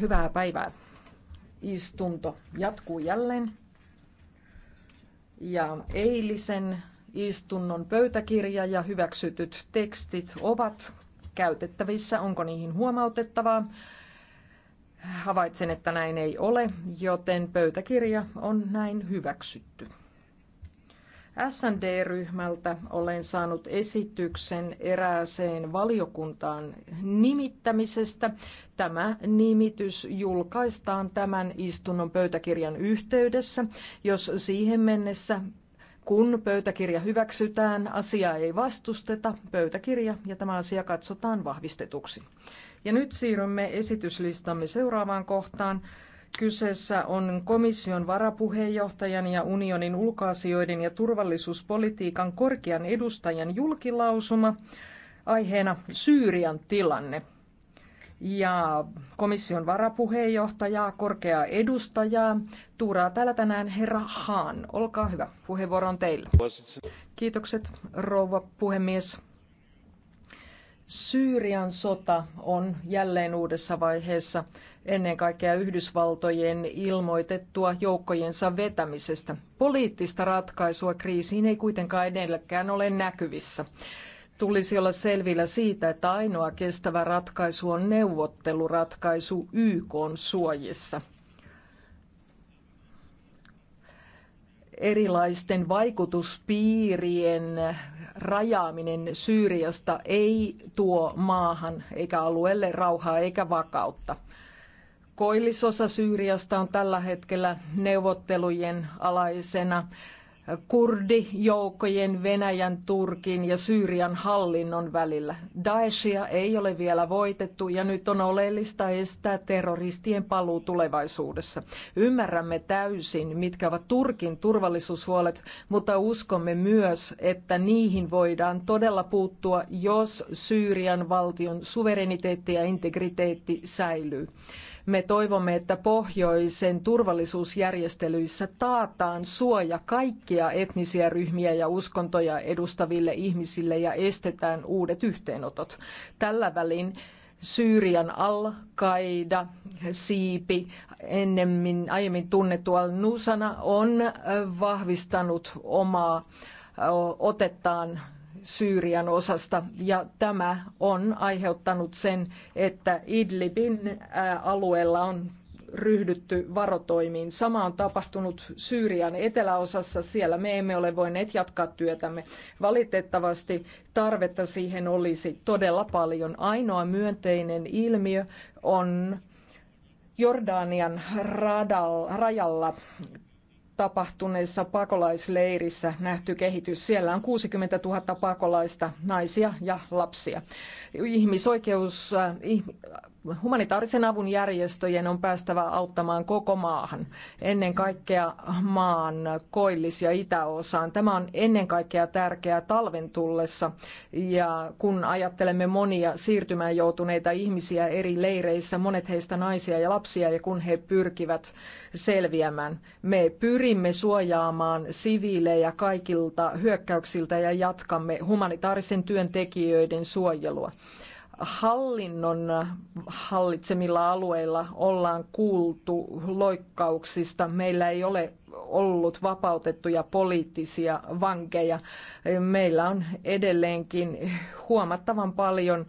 Hyvää päivää. Istunto jatkuu jälleen. Ja eilisen istunnon pöytäkirja ja hyväksytyt tekstit ovat käytettävissä. Onko niihin huomautettavaa? Havaitsen, että näin ei ole, joten pöytäkirja on näin hyväksytty. SND-ryhmältä olen saanut esityksen erääseen valiokuntaan nimittämisestä. Tämä nimitys julkaistaan tämän istunnon pöytäkirjan yhteydessä. Jos siihen mennessä kun pöytäkirja hyväksytään, asiaa ei vastusteta, pöytäkirja ja tämä asia katsotaan vahvistetuksi. Ja nyt siirrymme esityslistamme seuraavaan kohtaan. Kyseessä on komission varapuheenjohtajan ja unionin ulkoasioiden ja turvallisuuspolitiikan korkean edustajan julkilausuma aiheena Syyrian tilanne. Ja komission varapuheenjohtajaa, korkeaa edustajaa tuuraa täällä tänään herra Haan. Olkaa hyvä, puheenvuoro on teillä. Kiitokset, rouva puhemies. Syyrian sota on jälleen uudessa vaiheessa ennen kaikkea Yhdysvaltojen ilmoitettua joukkojensa vetämisestä. Poliittista ratkaisua kriisiin ei kuitenkaan edelläkään ole näkyvissä. Tulisi olla selvillä siitä, että ainoa kestävä ratkaisu on neuvotteluratkaisu YK suojissa. erilaisten vaikutuspiirien rajaaminen Syyriasta ei tuo maahan eikä alueelle rauhaa eikä vakautta. Koillisosa Syyriasta on tällä hetkellä neuvottelujen alaisena kurdijoukkojen Venäjän, Turkin ja Syyrian hallinnon välillä. Daeshia ei ole vielä voitettu ja nyt on oleellista estää terroristien paluu tulevaisuudessa. Ymmärrämme täysin, mitkä ovat Turkin turvallisuushuolet, mutta uskomme myös, että niihin voidaan todella puuttua, jos Syyrian valtion suvereniteetti ja integriteetti säilyy. Me toivomme, että pohjoisen turvallisuusjärjestelyissä taataan suoja kaikkia etnisiä ryhmiä ja uskontoja edustaville ihmisille ja estetään uudet yhteenotot. Tällä välin Syyrian al-Qaida, siipi, ennemmin, aiemmin tunnettu al-Nusana, on äh, vahvistanut omaa otettaan Syyrian osasta. Ja tämä on aiheuttanut sen, että Idlibin alueella on ryhdytty varotoimiin. Sama on tapahtunut Syyrian eteläosassa. Siellä me emme ole voineet jatkaa työtämme. Valitettavasti tarvetta siihen olisi todella paljon. Ainoa myönteinen ilmiö on Jordanian radalla, rajalla tapahtuneessa pakolaisleirissä nähty kehitys. Siellä on 60 000 pakolaista, naisia ja lapsia. Ihmisoikeus, äh, humanitaarisen avun järjestöjen on päästävä auttamaan koko maahan, ennen kaikkea maan koillis- ja itäosaan. Tämä on ennen kaikkea tärkeää talven tullessa ja kun ajattelemme monia siirtymään joutuneita ihmisiä eri leireissä, monet heistä naisia ja lapsia ja kun he pyrkivät selviämään. Me pyrimme suojaamaan siviilejä kaikilta hyökkäyksiltä ja jatkamme humanitaarisen työntekijöiden suojelua hallinnon hallitsemilla alueilla ollaan kuultu loikkauksista. Meillä ei ole ollut vapautettuja poliittisia vankeja. Meillä on edelleenkin huomattavan paljon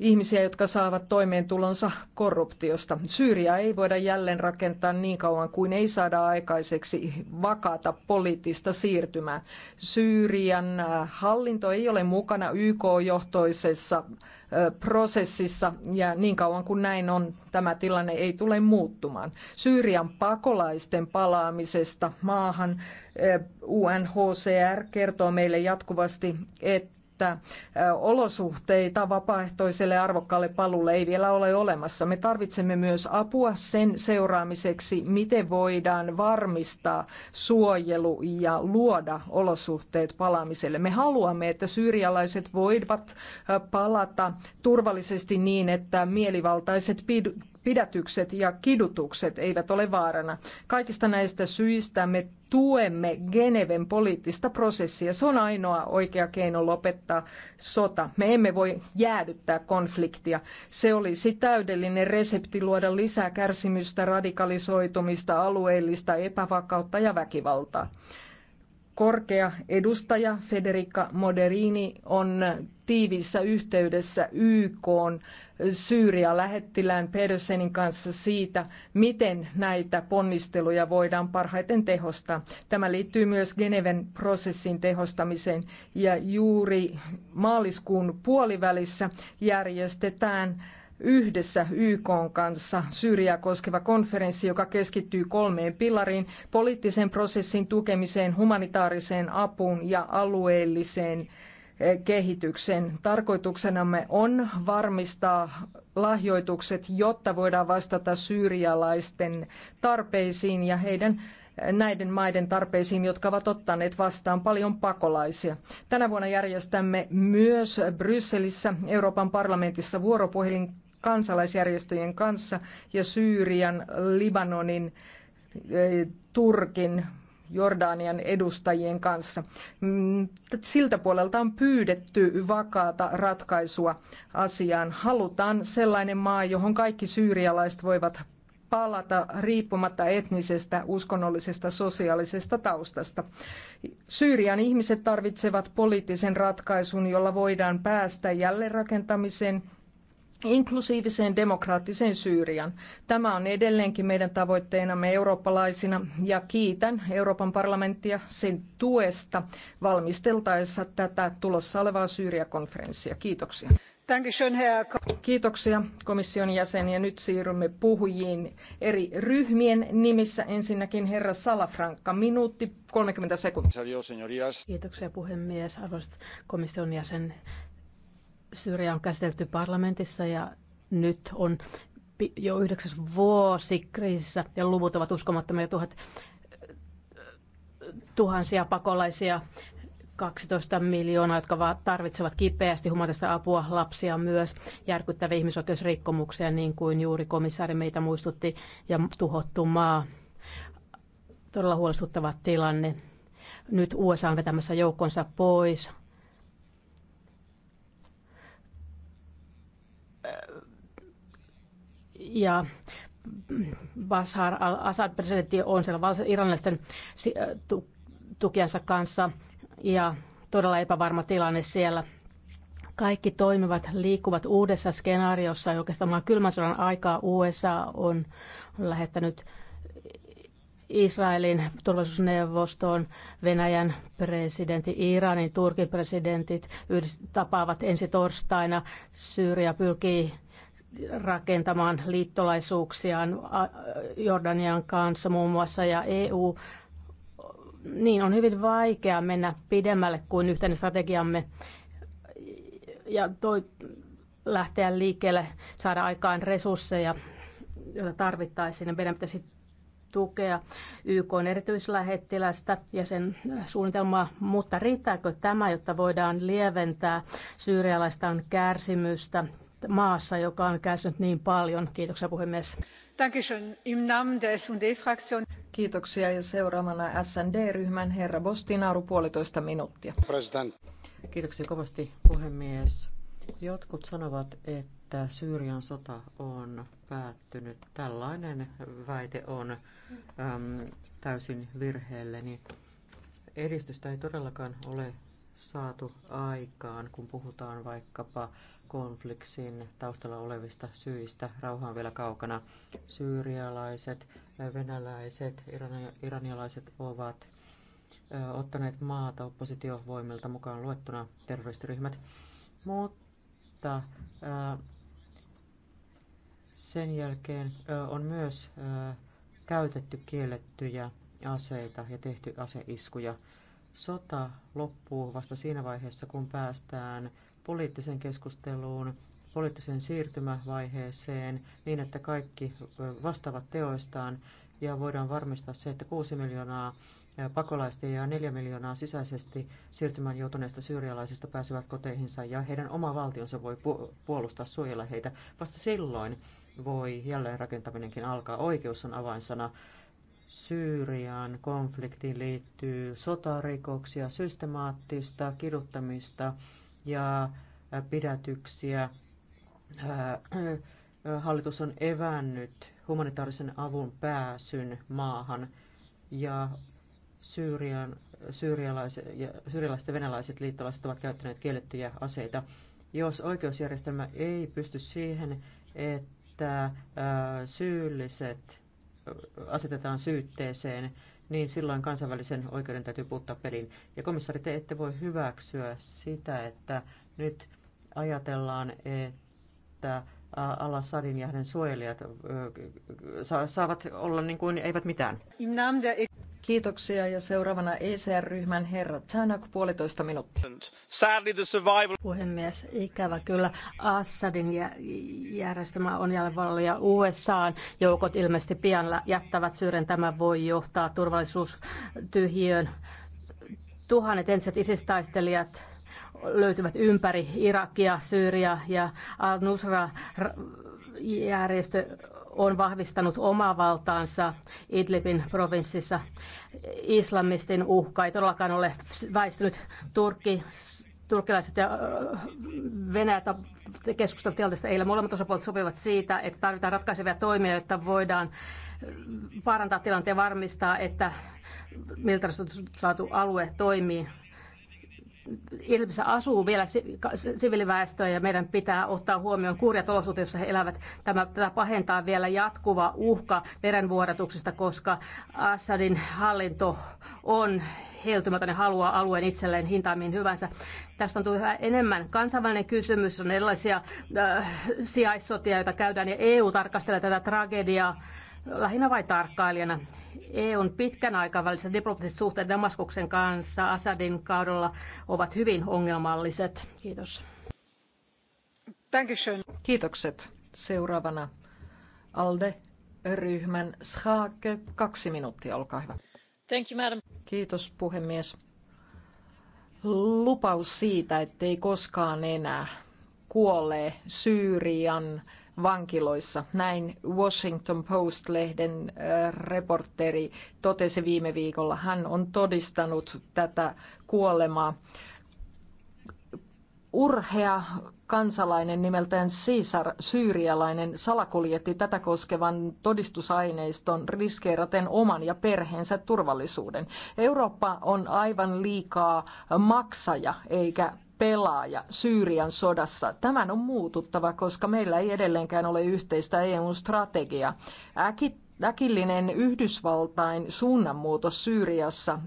ihmisiä, jotka saavat toimeentulonsa korruptiosta. Syyriä ei voida jälleen rakentaa niin kauan kuin ei saada aikaiseksi vakaata poliittista siirtymää. Syyrian äh, hallinto ei ole mukana YK-johtoisessa äh, prosessissa ja niin kauan kuin näin on, tämä tilanne ei tule muuttumaan. Syyrian pakolaisten palaamisesta maahan äh, UNHCR kertoo meille jatkuvasti, että että olosuhteita vapaaehtoiselle arvokkaalle palulle ei vielä ole olemassa. Me tarvitsemme myös apua sen seuraamiseksi, miten voidaan varmistaa suojelu ja luoda olosuhteet palaamiselle. Me haluamme, että syyrialaiset voivat palata turvallisesti niin, että mielivaltaiset pidätykset ja kidutukset eivät ole vaarana. Kaikista näistä syistä me tuemme Geneven poliittista prosessia. Se on ainoa oikea keino lopettaa sota. Me emme voi jäädyttää konfliktia. Se olisi täydellinen resepti luoda lisää kärsimystä, radikalisoitumista, alueellista epävakautta ja väkivaltaa korkea edustaja Federica Moderini on tiiviissä yhteydessä YK Syyria-lähettilään Pedersenin kanssa siitä, miten näitä ponnisteluja voidaan parhaiten tehostaa. Tämä liittyy myös Geneven prosessin tehostamiseen ja juuri maaliskuun puolivälissä järjestetään yhdessä YK kanssa Syyriä koskeva konferenssi, joka keskittyy kolmeen pilariin, poliittisen prosessin tukemiseen, humanitaariseen apuun ja alueelliseen eh, kehityksen. Tarkoituksenamme on varmistaa lahjoitukset, jotta voidaan vastata syyrialaisten tarpeisiin ja heidän eh, näiden maiden tarpeisiin, jotka ovat ottaneet vastaan paljon pakolaisia. Tänä vuonna järjestämme myös Brysselissä Euroopan parlamentissa vuoropuhelin kansalaisjärjestöjen kanssa ja Syyrian, Libanonin, eh, Turkin, Jordanian edustajien kanssa. Mm, siltä puolelta on pyydetty vakaata ratkaisua asiaan. Halutaan sellainen maa, johon kaikki syyrialaiset voivat palata riippumatta etnisestä, uskonnollisesta, sosiaalisesta taustasta. Syyrian ihmiset tarvitsevat poliittisen ratkaisun, jolla voidaan päästä jälleenrakentamiseen inklusiiviseen demokraattiseen Syyrian. Tämä on edelleenkin meidän tavoitteenamme eurooppalaisina ja kiitän Euroopan parlamenttia sen tuesta valmisteltaessa tätä tulossa olevaa Syyriakonferenssia. Kiitoksia. Kiitoksia komission jäsen ja nyt siirrymme puhujiin eri ryhmien nimissä. Ensinnäkin herra Salafranca, minuutti 30 sekuntia. Kiitoksia puhemies, arvoisat komission jäsen. Syyria on käsitelty parlamentissa ja nyt on jo yhdeksäs vuosi kriisissä ja luvut ovat uskomattomia tuhat, tuhansia pakolaisia, 12 miljoonaa, jotka tarvitsevat kipeästi humanitaista apua, lapsia myös, järkyttäviä ihmisoikeusrikkomuksia, niin kuin juuri komissaari meitä muistutti, ja tuhottu maa. Todella huolestuttava tilanne. Nyt USA on vetämässä joukkonsa pois ja Bashar al-Assad presidentti on siellä iranilaisten äh, tukiansa kanssa ja todella epävarma tilanne siellä. Kaikki toimivat liikkuvat uudessa skenaariossa oikeastaan kylmän sodan aikaa USA on lähettänyt Israelin turvallisuusneuvostoon Venäjän presidentti, Iranin, Turkin presidentit tapaavat ensi torstaina. Syyria pyrkii rakentamaan liittolaisuuksiaan Jordanian kanssa muun muassa ja EU, niin on hyvin vaikea mennä pidemmälle kuin yhteinen strategiamme ja toi, lähteä liikkeelle, saada aikaan resursseja, joita tarvittaisiin. Meidän pitäisi tukea YK erityislähettilästä ja sen suunnitelmaa, mutta riittääkö tämä, jotta voidaan lieventää syyrialaistaan kärsimystä maassa, joka on kärsinyt niin paljon. Kiitoksia puhemies. Kiitoksia ja seuraavana SND-ryhmän herra Bostinaaru puolitoista minuuttia. President. Kiitoksia kovasti puhemies. Jotkut sanovat, että Syyrian sota on päättynyt. Tällainen väite on äm, täysin virheelleni. Edistystä ei todellakaan ole saatu aikaan, kun puhutaan vaikkapa konfliktin taustalla olevista syistä. Rauha on vielä kaukana. Syyrialaiset, venäläiset, iranialaiset ovat ottaneet maata oppositiovoimilta mukaan luettuna terroristiryhmät. Mutta sen jälkeen on myös käytetty kiellettyjä aseita ja tehty aseiskuja. Sota loppuu vasta siinä vaiheessa, kun päästään poliittiseen keskusteluun, poliittiseen siirtymävaiheeseen niin, että kaikki vastaavat teoistaan ja voidaan varmistaa se, että 6 miljoonaa pakolaista ja 4 miljoonaa sisäisesti siirtymään joutuneista syyrialaisista pääsevät koteihinsa ja heidän oma valtionsa voi puolustaa, suojella heitä. Vasta silloin voi jälleen rakentaminenkin alkaa. Oikeus on avainsana. Syyrian konfliktiin liittyy sotarikoksia, systemaattista kiduttamista, ja pidätyksiä. Hallitus on evännyt humanitaarisen avun pääsyn maahan ja Syyrian, syyrialaiset, syyrialaiset ja venäläiset liittolaiset ovat käyttäneet kiellettyjä aseita. Jos oikeusjärjestelmä ei pysty siihen, että syylliset asetetaan syytteeseen, niin silloin kansainvälisen oikeuden täytyy puuttaa peliin. Ja komissari, te ette voi hyväksyä sitä, että nyt ajatellaan, että Al-Assadin ja hänen suojelijat saavat olla niin kuin eivät mitään. Kiitoksia ja seuraavana ECR-ryhmän herra Tanak puolitoista minuuttia. Puhemies, ikävä kyllä. Assadin järjestelmä on jäljellä ja n joukot ilmeisesti pian jättävät syyren. Tämä voi johtaa turvallisuustyhjiön. Tuhannet entiset isistaistelijat löytyvät ympäri Irakia, Syyriä ja Al-Nusra järjestö on vahvistanut omaa valtaansa Idlibin provinssissa. Islamistin uhka ei todellakaan ole väistynyt. Turkki, turkkilaiset ja Venäjät keskusteltiin tilanteesta eilen. Molemmat osapuolet sopivat siitä, että tarvitaan ratkaisevia toimia, jotta voidaan parantaa tilanteen ja varmistaa, että miltä saatu alue toimii Irlannissa asuu vielä siviiliväestöä ja meidän pitää ottaa huomioon kurjat olosuhteet, joissa he elävät. Tämä, tämä pahentaa vielä jatkuva uhka verenvuodatuksesta, koska Assadin hallinto on heiltymätön ja haluaa alueen itselleen hintaamiin hyvänsä. Tästä on tullut enemmän kansainvälinen kysymys, on erilaisia äh, sijaissotia, joita käydään, ja EU tarkastelee tätä tragediaa lähinnä vain tarkkailijana. EUn pitkän aikaväliset diplomaattiset suhteet Damaskuksen kanssa Assadin kaudella ovat hyvin ongelmalliset. Kiitos. Kiitokset. Seuraavana ALDE-ryhmän Schaake. Kaksi minuuttia, olkaa hyvä. Thank you, madam. Kiitos puhemies. Lupaus siitä, ettei koskaan enää kuolee Syyrian vankiloissa. Näin Washington Post-lehden äh, reporteri totesi viime viikolla. Hän on todistanut tätä kuolemaa. Urhea kansalainen nimeltään Caesar, syyrialainen, salakuljetti tätä koskevan todistusaineiston riskeeraten oman ja perheensä turvallisuuden. Eurooppa on aivan liikaa maksaja eikä pelaaja Syyrian sodassa. Tämän on muututtava, koska meillä ei edelleenkään ole yhteistä EU-strategiaa. Äkillinen Yhdysvaltain suunnanmuutos Syyriassa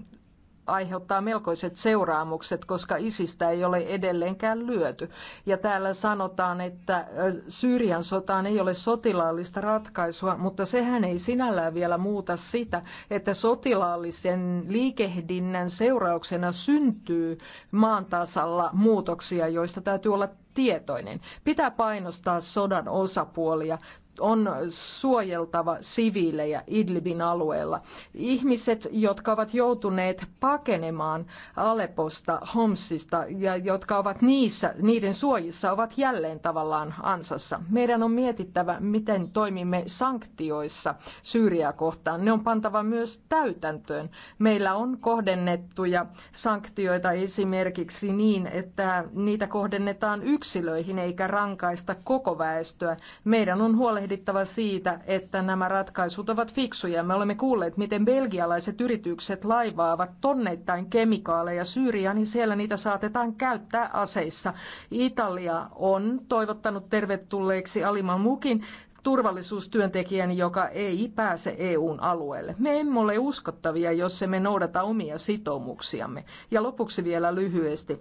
aiheuttaa melkoiset seuraamukset, koska isistä ei ole edelleenkään lyöty. Ja täällä sanotaan, että Syyrian sotaan ei ole sotilaallista ratkaisua, mutta sehän ei sinällään vielä muuta sitä, että sotilaallisen liikehdinnän seurauksena syntyy maan tasalla muutoksia, joista täytyy olla tietoinen. Pitää painostaa sodan osapuolia on suojeltava siviilejä Idlibin alueella. Ihmiset, jotka ovat joutuneet pakenemaan Aleposta, Homsista ja jotka ovat niissä, niiden suojissa, ovat jälleen tavallaan ansassa. Meidän on mietittävä, miten toimimme sanktioissa Syyriaa kohtaan. Ne on pantava myös täytäntöön. Meillä on kohdennettuja sanktioita esimerkiksi niin, että niitä kohdennetaan yksilöihin eikä rankaista koko väestöä. Meidän on huolehdittava huolehdittava siitä, että nämä ratkaisut ovat fiksuja. Me olemme kuulleet, miten belgialaiset yritykset laivaavat tonneittain kemikaaleja Syyriaan, niin siellä niitä saatetaan käyttää aseissa. Italia on toivottanut tervetulleeksi Aliman Mukin turvallisuustyöntekijän, joka ei pääse EUn alueelle. Me emme ole uskottavia, jos emme noudata omia sitoumuksiamme. Ja lopuksi vielä lyhyesti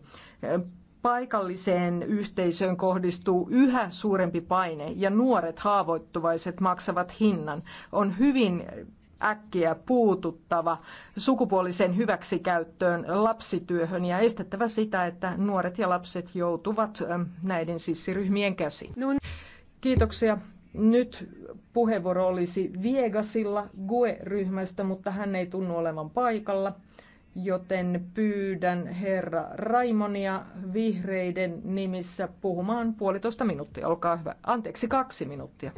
paikalliseen yhteisöön kohdistuu yhä suurempi paine ja nuoret haavoittuvaiset maksavat hinnan. On hyvin äkkiä puututtava sukupuoliseen hyväksikäyttöön, lapsityöhön ja estettävä sitä, että nuoret ja lapset joutuvat näiden sissiryhmien käsiin. Kiitoksia. Nyt puheenvuoro olisi Viegasilla GUE-ryhmästä, mutta hän ei tunnu olevan paikalla joten pyydän herra Raimonia vihreiden nimissä puhumaan puolitoista minuuttia. Olkaa hyvä. Anteeksi, kaksi minuuttia.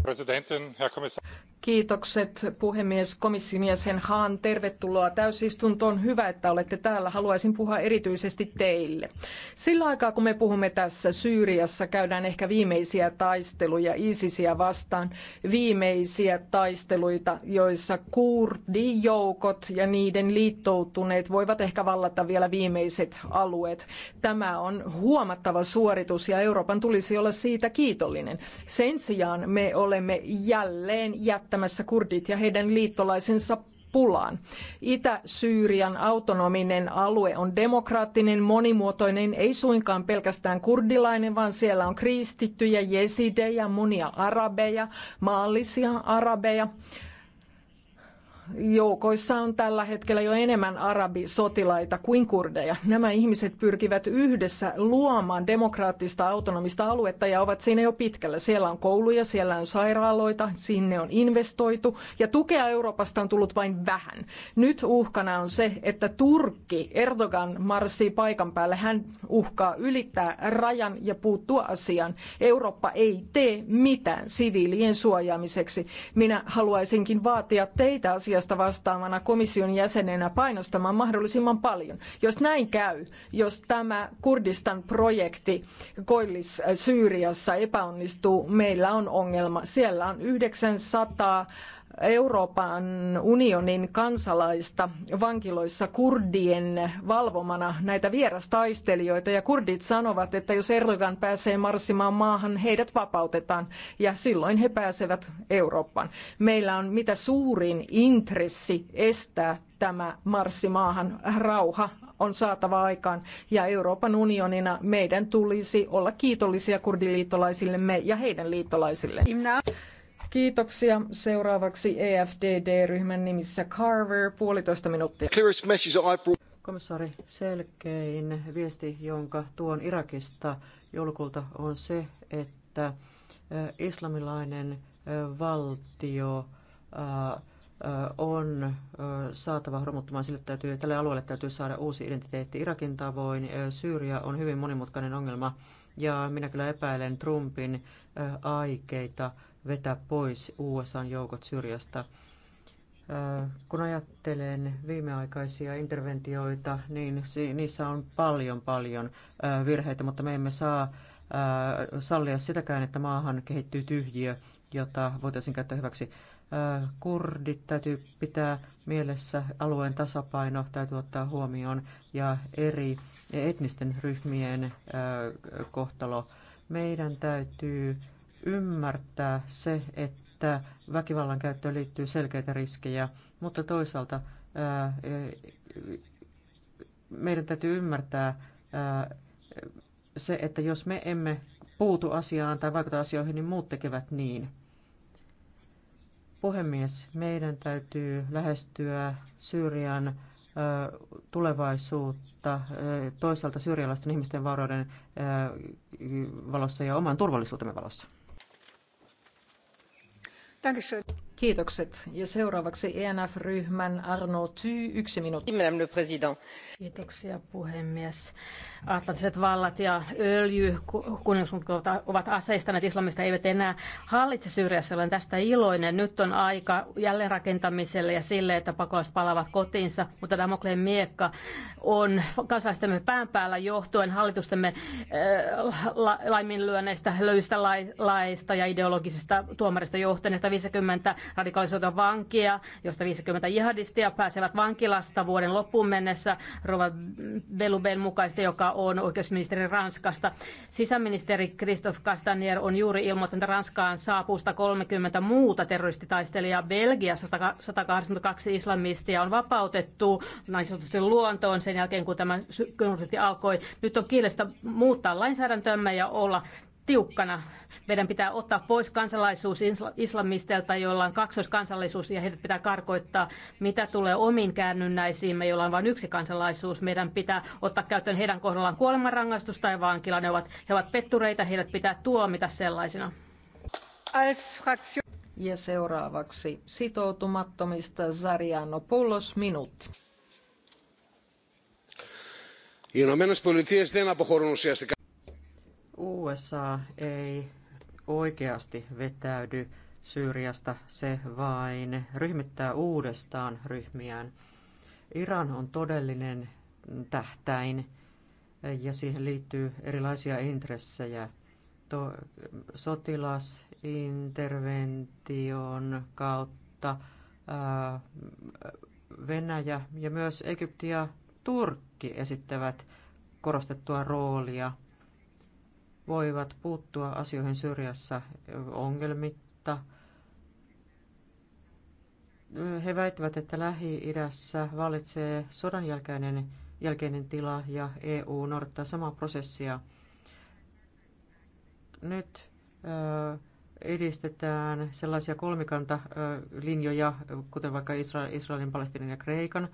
Kiitokset puhemies, komission jäsen Haan. Tervetuloa täysistuntoon. Hyvä, että olette täällä. Haluaisin puhua erityisesti teille. Sillä aikaa, kun me puhumme tässä Syyriassa, käydään ehkä viimeisiä taisteluja ISISiä vastaan. Viimeisiä taisteluita, joissa kurdijoukot ja niiden liittoutuneet voivat voivat ehkä vallata vielä viimeiset alueet. Tämä on huomattava suoritus ja Euroopan tulisi olla siitä kiitollinen. Sen sijaan me olemme jälleen jättämässä kurdit ja heidän liittolaisensa pulaan. Itä-Syyrian autonominen alue on demokraattinen, monimuotoinen, ei suinkaan pelkästään kurdilainen, vaan siellä on kristittyjä, jesidejä, monia arabeja, maallisia arabeja joukoissa on tällä hetkellä jo enemmän arabisotilaita kuin kurdeja. Nämä ihmiset pyrkivät yhdessä luomaan demokraattista autonomista aluetta ja ovat siinä jo pitkällä. Siellä on kouluja, siellä on sairaaloita, sinne on investoitu ja tukea Euroopasta on tullut vain vähän. Nyt uhkana on se, että Turkki Erdogan marssii paikan päälle. Hän uhkaa ylittää rajan ja puuttua asiaan. Eurooppa ei tee mitään siviilien suojaamiseksi. Minä haluaisinkin vaatia teitä asiassa asiasta vastaavana komission jäsenenä painostamaan mahdollisimman paljon. Jos näin käy, jos tämä Kurdistan projekti Koillis äh, Syyriassa epäonnistuu, meillä on ongelma. Siellä on 900 Euroopan unionin kansalaista vankiloissa kurdien valvomana näitä vierastaistelijoita. Ja kurdit sanovat, että jos Erdogan pääsee marssimaan maahan, heidät vapautetaan ja silloin he pääsevät Eurooppaan. Meillä on mitä suurin intressi estää tämä marssimaahan rauha on saatava aikaan ja Euroopan unionina meidän tulisi olla kiitollisia kurdiliittolaisillemme ja heidän liittolaisille. Kiitoksia. Seuraavaksi EFDD-ryhmän nimissä Carver, puolitoista minuuttia. Komissaari, selkein viesti, jonka tuon Irakista julkulta, on se, että islamilainen valtio on saatava romuttumaan. Sille täytyy, tälle alueelle täytyy saada uusi identiteetti. Irakin tavoin Syyria on hyvin monimutkainen ongelma ja minä kyllä epäilen Trumpin aikeita vetää pois USAn joukot Syyriasta. Kun ajattelen viimeaikaisia interventioita, niin niissä on paljon paljon virheitä, mutta me emme saa sallia sitäkään, että maahan kehittyy tyhjiö, jota voitaisiin käyttää hyväksi. Kurdit täytyy pitää mielessä, alueen tasapaino täytyy ottaa huomioon ja eri etnisten ryhmien kohtalo. Meidän täytyy ymmärtää se, että väkivallan käyttöön liittyy selkeitä riskejä, mutta toisaalta e, meidän täytyy ymmärtää se, että jos me emme puutu asiaan tai vaikuta asioihin, niin muut tekevät niin. Puhemies, meidän täytyy lähestyä Syyrian tulevaisuutta toisaalta syyrialaisten ihmisten varoiden valossa ja oman turvallisuutemme valossa danke schön. Kiitokset. Ja seuraavaksi ENF-ryhmän Arno Tyy, yksi minuutti. Kiitoksia puhemies. Atlanttiset vallat ja öljy, ovat aseistaneet islamista, eivät enää hallitse Syyriassa. Olen tästä iloinen. Nyt on aika jälleenrakentamiselle ja sille, että pakolaiset palaavat kotiinsa, mutta Damokleen miekka on kansalaistemme pään päällä johtuen hallitustemme laiminlyönneistä, löystä laista ja ideologisista tuomarista johtuneista viisikymmentä radikalisoitua vankia, josta 50 jihadistia pääsevät vankilasta vuoden loppuun mennessä Rova Beluben mukaista, joka on oikeusministeri Ranskasta. Sisäministeri Christophe Castanier on juuri ilmoittanut, että Ranskaan saapuusta 30 muuta terroristitaistelijaa. Belgiassa 182 islamistia on vapautettu naisotustien luontoon sen jälkeen, kun tämä konflikti alkoi. Nyt on kiireistä muuttaa lainsäädäntömme ja olla tiukkana. Meidän pitää ottaa pois kansalaisuus islamisteilta, joilla on kaksoiskansallisuus ja heidät pitää karkoittaa. Mitä tulee omiin käännynnäisiimme, joilla on vain yksi kansalaisuus, meidän pitää ottaa käyttöön heidän kohdallaan kuolemanrangaistus tai vankila. Ne ovat, he ovat pettureita, heidät pitää tuomita sellaisina. Ja seuraavaksi sitoutumattomista Zariano Pullos minuutti. Οι Ηνωμένε Πολιτείε δεν αποχωρούν ουσιαστικά. USA ei oikeasti vetäydy Syyriasta, se vain ryhmittää uudestaan ryhmiään. Iran on todellinen tähtäin ja siihen liittyy erilaisia intressejä. To, sotilasintervention kautta ää, Venäjä ja myös Egypti ja Turkki esittävät korostettua roolia voivat puuttua asioihin syrjässä ongelmitta. He väittävät, että Lähi-idässä valitsee sodan jälkeinen, jälkeinen tila ja EU noudattaa samaa prosessia. Nyt edistetään sellaisia kolmikantalinjoja, kuten vaikka Israelin, Palestinin ja Kreikan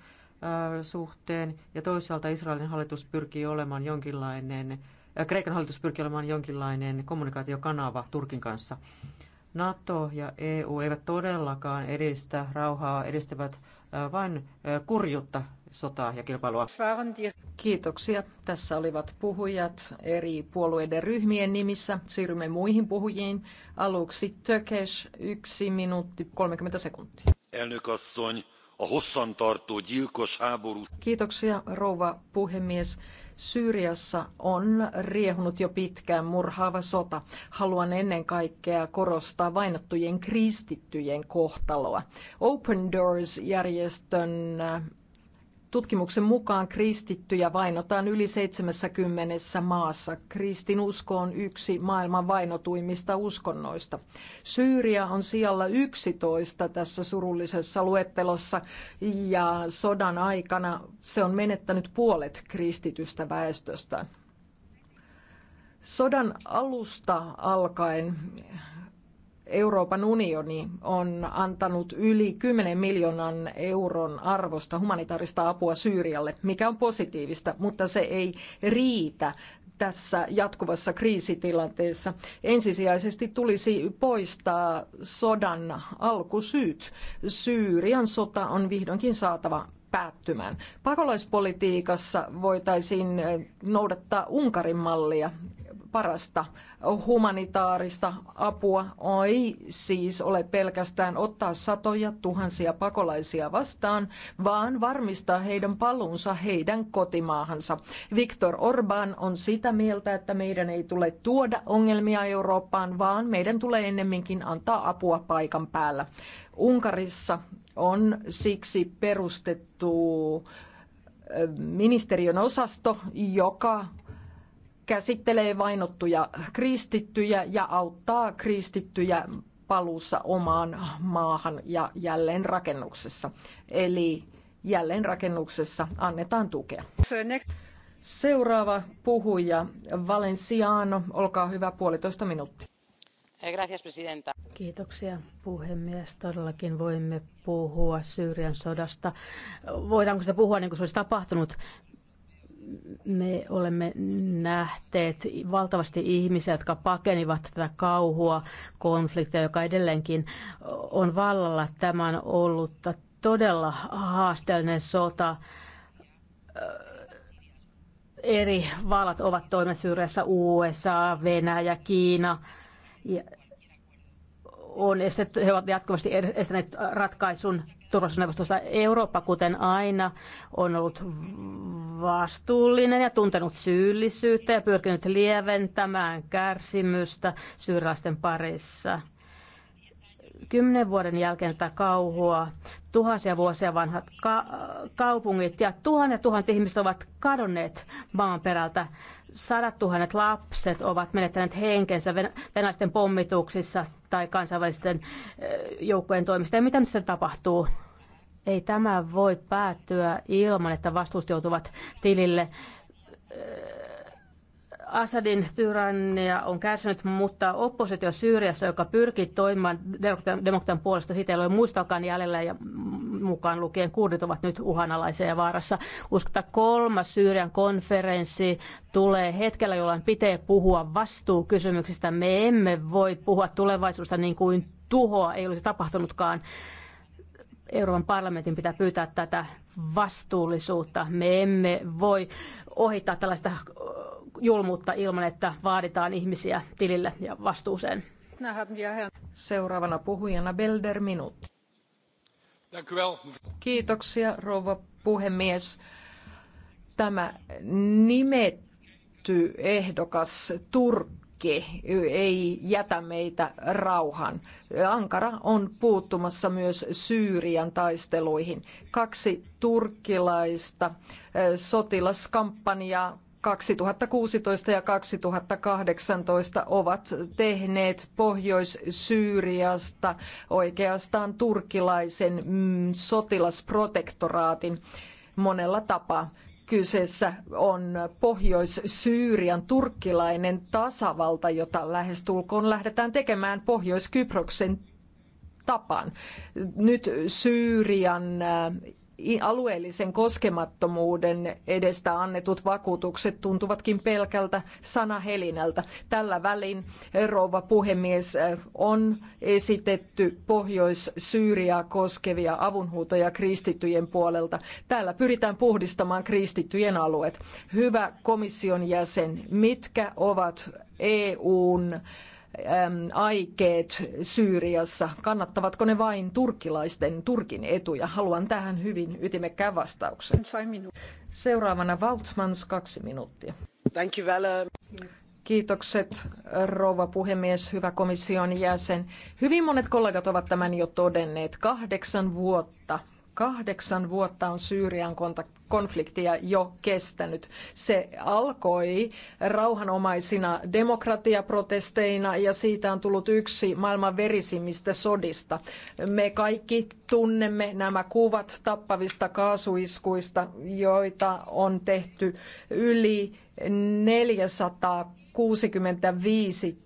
suhteen, ja toisaalta Israelin hallitus pyrkii olemaan jonkinlainen Kreikan hallitus pyrkii olemaan jonkinlainen kommunikaatiokanava Turkin kanssa. NATO ja EU eivät todellakaan edistä rauhaa, edistävät vain kurjutta sotaa ja kilpailua. Kiitoksia. Tässä olivat puhujat eri puolueiden ryhmien nimissä. Siirrymme muihin puhujiin. Aluksi Tökes, yksi minuutti 30 sekuntia. Elnökasszony, a hosszantartó gyilkos háború. Kiitoksia, rouva puhemies. Syyriassa on riehunut jo pitkään murhaava sota. Haluan ennen kaikkea korostaa vainottujen kristittyjen kohtaloa. Open Doors-järjestön Tutkimuksen mukaan kristittyjä vainotaan yli 70 maassa. Kristinusko on yksi maailman vainotuimmista uskonnoista. Syyria on sijalla 11 tässä surullisessa luettelossa ja sodan aikana se on menettänyt puolet kristitystä väestöstä. Sodan alusta alkaen Euroopan unioni on antanut yli 10 miljoonan euron arvosta humanitaarista apua Syyrialle, mikä on positiivista, mutta se ei riitä tässä jatkuvassa kriisitilanteessa. Ensisijaisesti tulisi poistaa sodan alkusyyt. Syyrian sota on vihdoinkin saatava päättymään. Pakolaispolitiikassa voitaisiin noudattaa Unkarin mallia parasta humanitaarista apua ei siis ole pelkästään ottaa satoja tuhansia pakolaisia vastaan, vaan varmistaa heidän paluunsa heidän kotimaahansa. Viktor Orban on sitä mieltä, että meidän ei tule tuoda ongelmia Eurooppaan, vaan meidän tulee ennemminkin antaa apua paikan päällä. Unkarissa on siksi perustettu ministeriön osasto, joka käsittelee vainottuja kristittyjä ja auttaa kristittyjä paluussa omaan maahan ja jälleenrakennuksessa. Eli jälleenrakennuksessa annetaan tukea. Seuraava puhuja, Valenciano, olkaa hyvä, puolitoista minuuttia. Eh, Kiitoksia puhemies. Todellakin voimme puhua Syyrian sodasta. Voidaanko sitä puhua niin kuin se olisi tapahtunut? me olemme nähteet valtavasti ihmisiä, jotka pakenivat tätä kauhua, konflikteja, joka edelleenkin on vallalla. Tämä on ollut todella haasteellinen sota. Eri vallat ovat toimineet Syyriassa, USA, Venäjä, Kiina. Ja on estetty, he ovat jatkuvasti estäneet ratkaisun turvallisuusneuvostosta Eurooppa, kuten aina, on ollut vastuullinen ja tuntenut syyllisyyttä ja pyrkinyt lieventämään kärsimystä syyrialaisten parissa. Kymmenen vuoden jälkeen tätä kauhua, tuhansia vuosia vanhat ka- kaupungit ja tuhannet tuhannet ihmiset ovat kadonneet maan perältä Sadat tuhannet lapset ovat menettäneet henkensä venäläisten pommituksissa tai kansainvälisten joukkojen toimista. Ja mitä nyt sitten tapahtuu? Ei tämä voi päättyä ilman, että vastuut joutuvat tilille Assadin tyrannia on kärsinyt, mutta oppositio Syyriassa, joka pyrkii toimimaan demokratian puolesta, siitä ei ole muistakaan jäljellä ja mukaan lukien kurdit ovat nyt uhanalaisia ja vaarassa. Uskon, että kolmas Syyrian konferenssi tulee hetkellä, jolloin pitää puhua vastuukysymyksistä. Me emme voi puhua tulevaisuudesta niin kuin tuhoa ei olisi tapahtunutkaan. Euroopan parlamentin pitää pyytää tätä vastuullisuutta. Me emme voi ohittaa tällaista julmuutta ilman, että vaaditaan ihmisiä tilille ja vastuuseen. Seuraavana puhujana Belder Minut. Kiitoksia rouva puhemies. Tämä nimetty ehdokas Turkki ei jätä meitä rauhan. Ankara on puuttumassa myös Syyrian taisteluihin. Kaksi turkkilaista eh, sotilaskampanjaa 2016 ja 2018 ovat tehneet Pohjois-Syyriasta oikeastaan turkilaisen mm, sotilasprotektoraatin monella tapaa. Kyseessä on Pohjois-Syyrian turkkilainen tasavalta, jota lähestulkoon lähdetään tekemään Pohjois-Kyproksen tapaan. Nyt Syyrian äh, alueellisen koskemattomuuden edestä annetut vakuutukset tuntuvatkin pelkältä sanahelinältä. Tällä välin eh, rouva puhemies eh, on esitetty Pohjois-Syyriaa koskevia avunhuutoja kristittyjen puolelta. Täällä pyritään puhdistamaan kristittyjen alueet. Hyvä komission jäsen, mitkä ovat EUn aikeet Syyriassa, kannattavatko ne vain turkilaisten Turkin etuja? Haluan tähän hyvin ytimekkään vastauksen. Seuraavana Valtmans kaksi minuuttia. Kiitokset, rouva puhemies, hyvä komission jäsen. Hyvin monet kollegat ovat tämän jo todenneet. Kahdeksan vuotta Kahdeksan vuotta on Syyrian konfliktia jo kestänyt. Se alkoi rauhanomaisina demokratiaprotesteina ja siitä on tullut yksi maailman verisimmistä sodista. Me kaikki tunnemme nämä kuvat tappavista kaasuiskuista, joita on tehty yli 465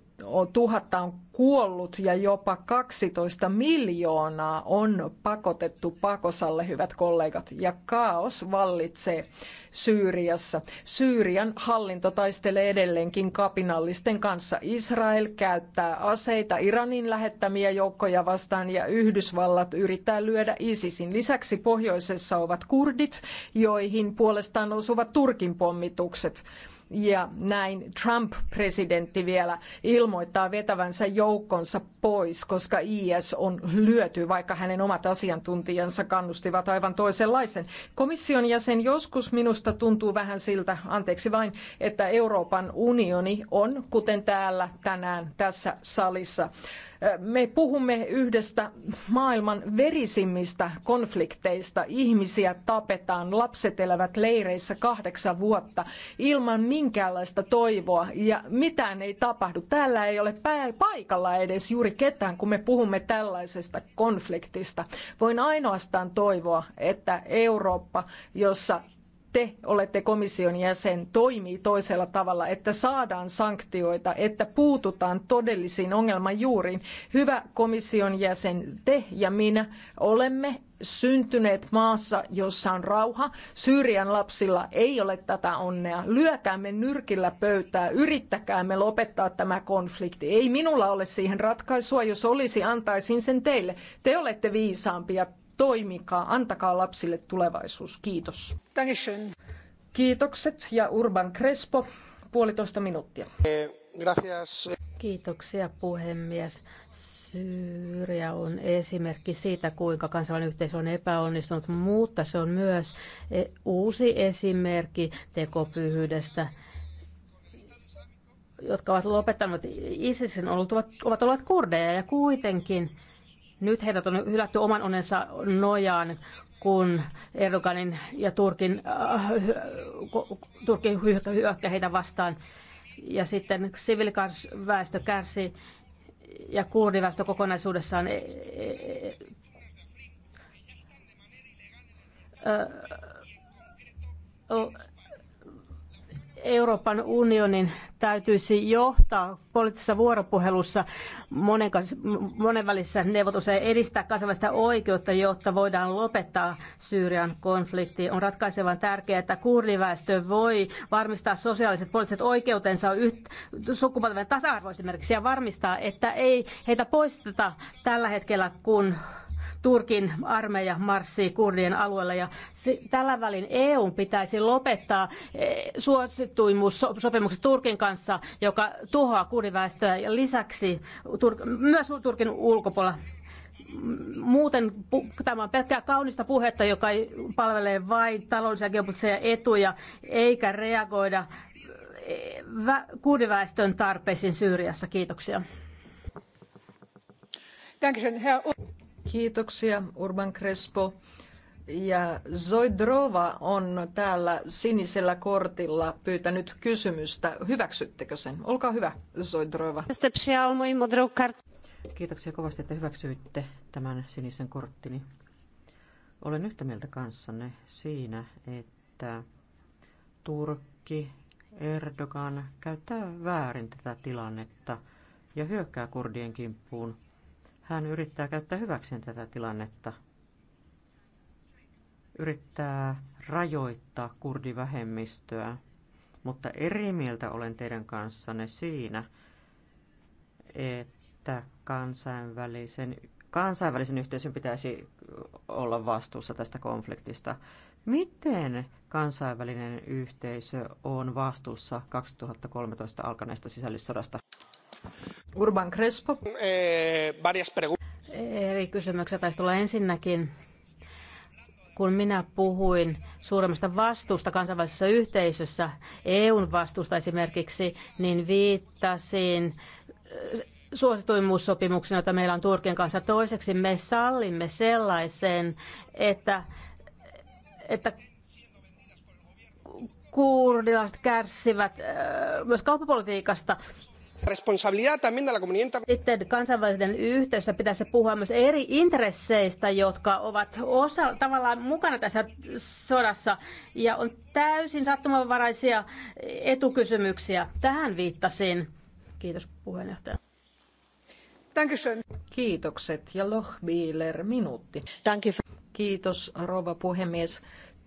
tuhatta on kuollut ja jopa 12 miljoonaa on pakotettu pakosalle, hyvät kollegat. Ja kaos vallitsee Syyriassa. Syyrian hallinto taistelee edelleenkin kapinallisten kanssa. Israel käyttää aseita Iranin lähettämiä joukkoja vastaan ja Yhdysvallat yrittää lyödä ISISin. Lisäksi pohjoisessa ovat kurdit, joihin puolestaan osuvat Turkin pommitukset. Ja näin Trump-presidentti vielä ilmoittaa vetävänsä joukkonsa pois, koska IS on lyöty, vaikka hänen omat asiantuntijansa kannustivat aivan toisenlaisen. Komission jäsen joskus minusta tuntuu vähän siltä, anteeksi vain, että Euroopan unioni on, kuten täällä tänään tässä salissa, me puhumme yhdestä maailman verisimmistä konflikteista. Ihmisiä tapetaan, lapset elävät leireissä kahdeksan vuotta ilman minkäänlaista toivoa ja mitään ei tapahdu. Täällä ei ole paikalla edes juuri ketään, kun me puhumme tällaisesta konfliktista. Voin ainoastaan toivoa, että Eurooppa, jossa te olette komission jäsen, toimii toisella tavalla, että saadaan sanktioita, että puututaan todellisiin ongelman juuriin. Hyvä komission jäsen, te ja minä olemme syntyneet maassa, jossa on rauha. Syyrian lapsilla ei ole tätä onnea. Lyökäämme nyrkillä pöytää, yrittäkäämme lopettaa tämä konflikti. Ei minulla ole siihen ratkaisua, jos olisi, antaisin sen teille. Te olette viisaampia, toimikaa, antakaa lapsille tulevaisuus. Kiitos. Dankeschön. Kiitokset ja Urban Crespo, puolitoista minuuttia. Gracias. Kiitoksia puhemies. Syyria on esimerkki siitä, kuinka kansainvälinen yhteisö on epäonnistunut, mutta se on myös e, uusi esimerkki tekopyhyydestä jotka ovat lopettaneet ISISin, ovat olleet kurdeja ja kuitenkin nyt heidät on hylätty oman onensa nojaan, kun Erdoganin ja Turkin, äh, Turkin hyökkä heitä vastaan. Ja sitten siviiliväestö kärsi ja kurdiväestö kokonaisuudessaan e, e, e, Euroopan unionin täytyisi johtaa poliittisessa vuoropuhelussa monen, monenvälisissä neuvotteluissa ja edistää kansainvälistä oikeutta, jotta voidaan lopettaa Syyrian konflikti. On ratkaisevan tärkeää, että kurdiväestö voi varmistaa sosiaaliset poliittiset oikeutensa sukupuolten sukupolven tasa-arvo esimerkiksi ja varmistaa, että ei heitä poisteta tällä hetkellä, kun Turkin armeija marssii kurdien alueella. Ja tällä välin EU pitäisi lopettaa eh, suosituimmuussopimukset Turkin kanssa, joka tuhoaa kurdiväestöä ja lisäksi myös Turkin ulkopuolella muuten tämä on pelkkää kaunista puhetta, joka palvelee vain taloudellisia geopoliittisia etuja eikä reagoida eh, vä- kurdiväestön tarpeisiin Syyriassa. Kiitoksia. Kiitoksia, Urban Crespo. Ja Zoidrova on täällä sinisellä kortilla pyytänyt kysymystä. Hyväksyttekö sen? Olkaa hyvä, Zoidrova. Kiitoksia kovasti, että hyväksyitte tämän sinisen korttini. Olen yhtä mieltä kanssanne siinä, että Turkki, Erdogan käyttää väärin tätä tilannetta ja hyökkää kurdien kimppuun – hän yrittää käyttää hyväkseen tätä tilannetta. Yrittää rajoittaa kurdivähemmistöä. Mutta eri mieltä olen teidän kanssanne siinä, että kansainvälisen, kansainvälisen yhteisön pitäisi olla vastuussa tästä konfliktista. Miten kansainvälinen yhteisö on vastuussa 2013 alkaneesta sisällissodasta? Urban Crespo. Eri eh, kysymyksiä taisi tulla ensinnäkin. Kun minä puhuin suuremmasta vastuusta kansainvälisessä yhteisössä, EUn vastuusta esimerkiksi, niin viittasin eh, suosituimmuussopimuksen, jota meillä on Turkin kanssa. Toiseksi me sallimme sellaisen, että, että kurdilaiset kärsivät eh, myös kauppapolitiikasta sitten kansainvälisen yhteisössä pitäisi puhua myös eri intresseistä, jotka ovat osa, tavallaan mukana tässä sodassa. Ja on täysin sattumanvaraisia etukysymyksiä. Tähän viittasin. Kiitos puheenjohtaja. Kiitokset ja Lochbieler minuutti. Kiitos rouva puhemies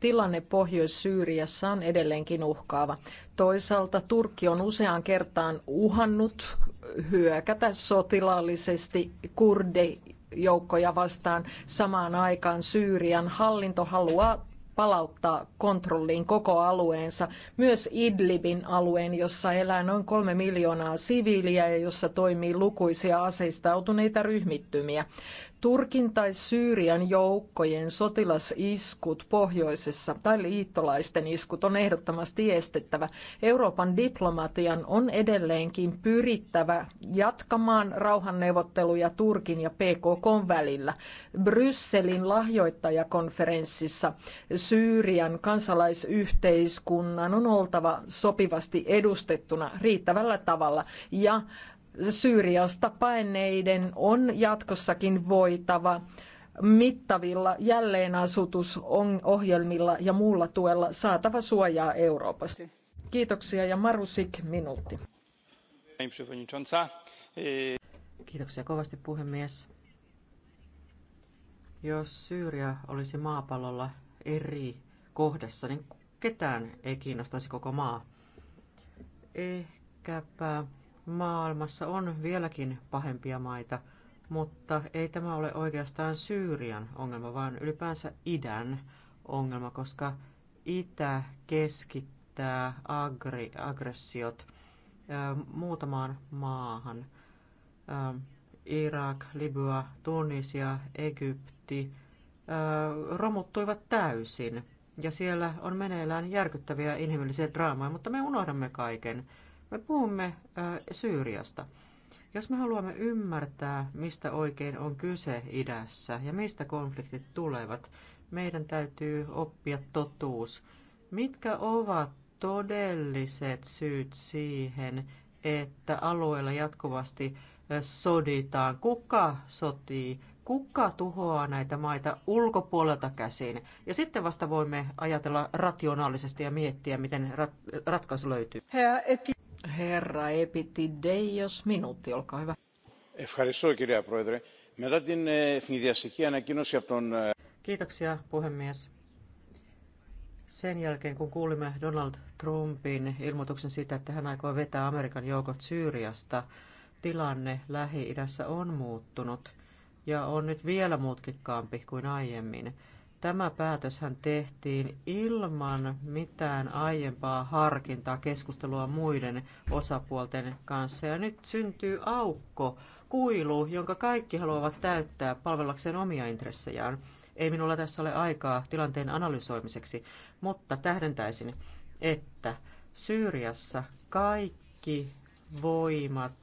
tilanne Pohjois-Syyriassa on edelleenkin uhkaava. Toisaalta Turkki on useaan kertaan uhannut hyökätä sotilaallisesti kurdejoukkoja vastaan. Samaan aikaan Syyrian hallinto haluaa palauttaa kontrolliin koko alueensa, myös Idlibin alueen, jossa elää noin kolme miljoonaa siviiliä ja jossa toimii lukuisia aseistautuneita ryhmittymiä. Turkin tai Syyrian joukkojen sotilasiskut pohjoisessa tai liittolaisten iskut on ehdottomasti estettävä. Euroopan diplomatian on edelleenkin pyrittävä jatkamaan rauhanneuvotteluja Turkin ja PKK välillä. Brysselin lahjoittajakonferenssissa Syyrian kansalaisyhteiskunnan on oltava sopivasti edustettuna riittävällä tavalla ja Syyriasta paineiden on jatkossakin voitava mittavilla jälleenasutusohjelmilla ja muulla tuella saatava suojaa Euroopasta. Kiitoksia ja Marusik minuutti. E- Kiitoksia kovasti puhemies. Jos Syyria olisi maapallolla eri kohdassa, niin ketään ei kiinnostaisi koko maa. Ehkäpä Maailmassa on vieläkin pahempia maita, mutta ei tämä ole oikeastaan Syyrian ongelma, vaan ylipäänsä idän ongelma, koska itä keskittää agri- aggressiot muutamaan maahan. Irak, Libya, Tunisia, Egypti romuttuivat täysin. Ja siellä on meneillään järkyttäviä inhimillisiä draamoja, mutta me unohdamme kaiken. Me puhumme Syyriasta. Jos me haluamme ymmärtää, mistä oikein on kyse idässä ja mistä konfliktit tulevat, meidän täytyy oppia totuus. Mitkä ovat todelliset syyt siihen, että alueella jatkuvasti soditaan? Kuka sotii? Kuka tuhoaa näitä maita ulkopuolelta käsin? Ja sitten vasta voimme ajatella rationaalisesti ja miettiä, miten ratkaisu löytyy. Herra Epitideios, minuutti, olkaa hyvä. Ευχαριστώ, κυρία Πρόεδρε. Μετά την ευνηδιαστική ανακοίνωση από τον... Kiitoksia, puhemies. Sen jälkeen, kun kuulimme Donald Trumpin ilmoituksen siitä, että hän aikoo vetää Amerikan joukot Syyriasta, tilanne Lähi-idässä on muuttunut ja on nyt vielä mutkikkaampi kuin aiemmin. Tämä päätöshän tehtiin ilman mitään aiempaa harkintaa keskustelua muiden osapuolten kanssa. Ja nyt syntyy aukko, kuilu, jonka kaikki haluavat täyttää palvellakseen omia intressejään. Ei minulla tässä ole aikaa tilanteen analysoimiseksi, mutta tähdentäisin, että Syyriassa kaikki voimat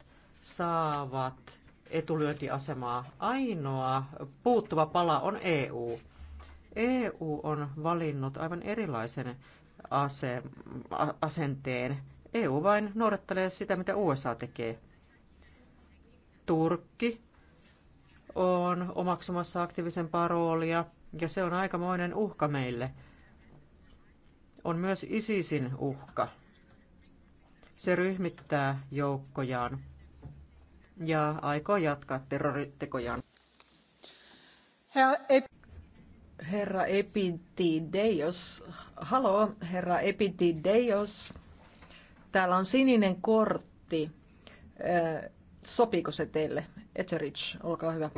saavat etulyöntiasemaa. Ainoa puuttuva pala on EU. EU on valinnut aivan erilaisen ase- asenteen. EU vain noudattelee sitä, mitä USA tekee. Turkki on omaksumassa aktiivisempaa roolia ja se on aikamoinen uhka meille. On myös ISISin uhka. Se ryhmittää joukkojaan ja aikoo jatkaa terroritekojaan. Herra Epitideios. Halo, herra Epitideios. Täällä on sininen kortti. Sopiiko se teille? Etheridge, olkaa hyvä.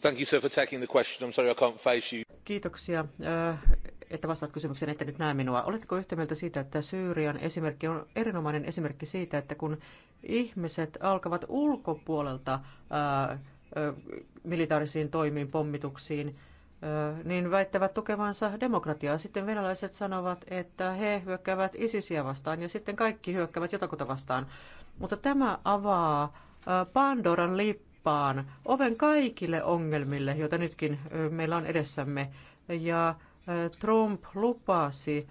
Thank you, sir, for taking the question. I'm sorry I can't face you. Kiitoksia, että vastaat kysymykseen, että nyt näe minua. Oletko yhtä mieltä siitä, että Syyrian esimerkki on erinomainen esimerkki siitä, että kun ihmiset alkavat ulkopuolelta militaarisiin toimiin, pommituksiin, niin väittävät tukevansa demokratiaa. Sitten venäläiset sanovat, että he hyökkäävät isisiä vastaan ja sitten kaikki hyökkäävät jotakuta vastaan. Mutta tämä avaa Pandoran lippaan oven kaikille ongelmille, joita nytkin meillä on edessämme. Ja Trump lupasi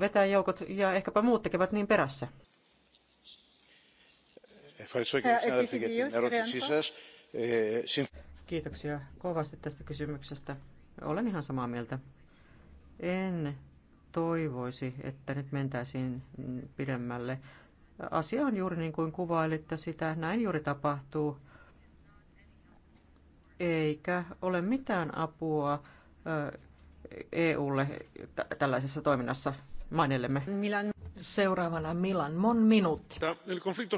vetää joukot ja ehkäpä muut tekevät niin perässä. Ευχαριστώ κύριε συνάδελφε για την ερώτησή σας. Kiitoksia kovasti tästä kysymyksestä. Olen ihan samaa mieltä. En toivoisi, että nyt mentäisiin pidemmälle. Asia on juuri niin kuin kuvailitte sitä. Näin juuri tapahtuu. Eikä ole mitään apua EUlle tällaisessa toiminnassa mainellemme. Milan. Seuraavana Milan Mon minuutti.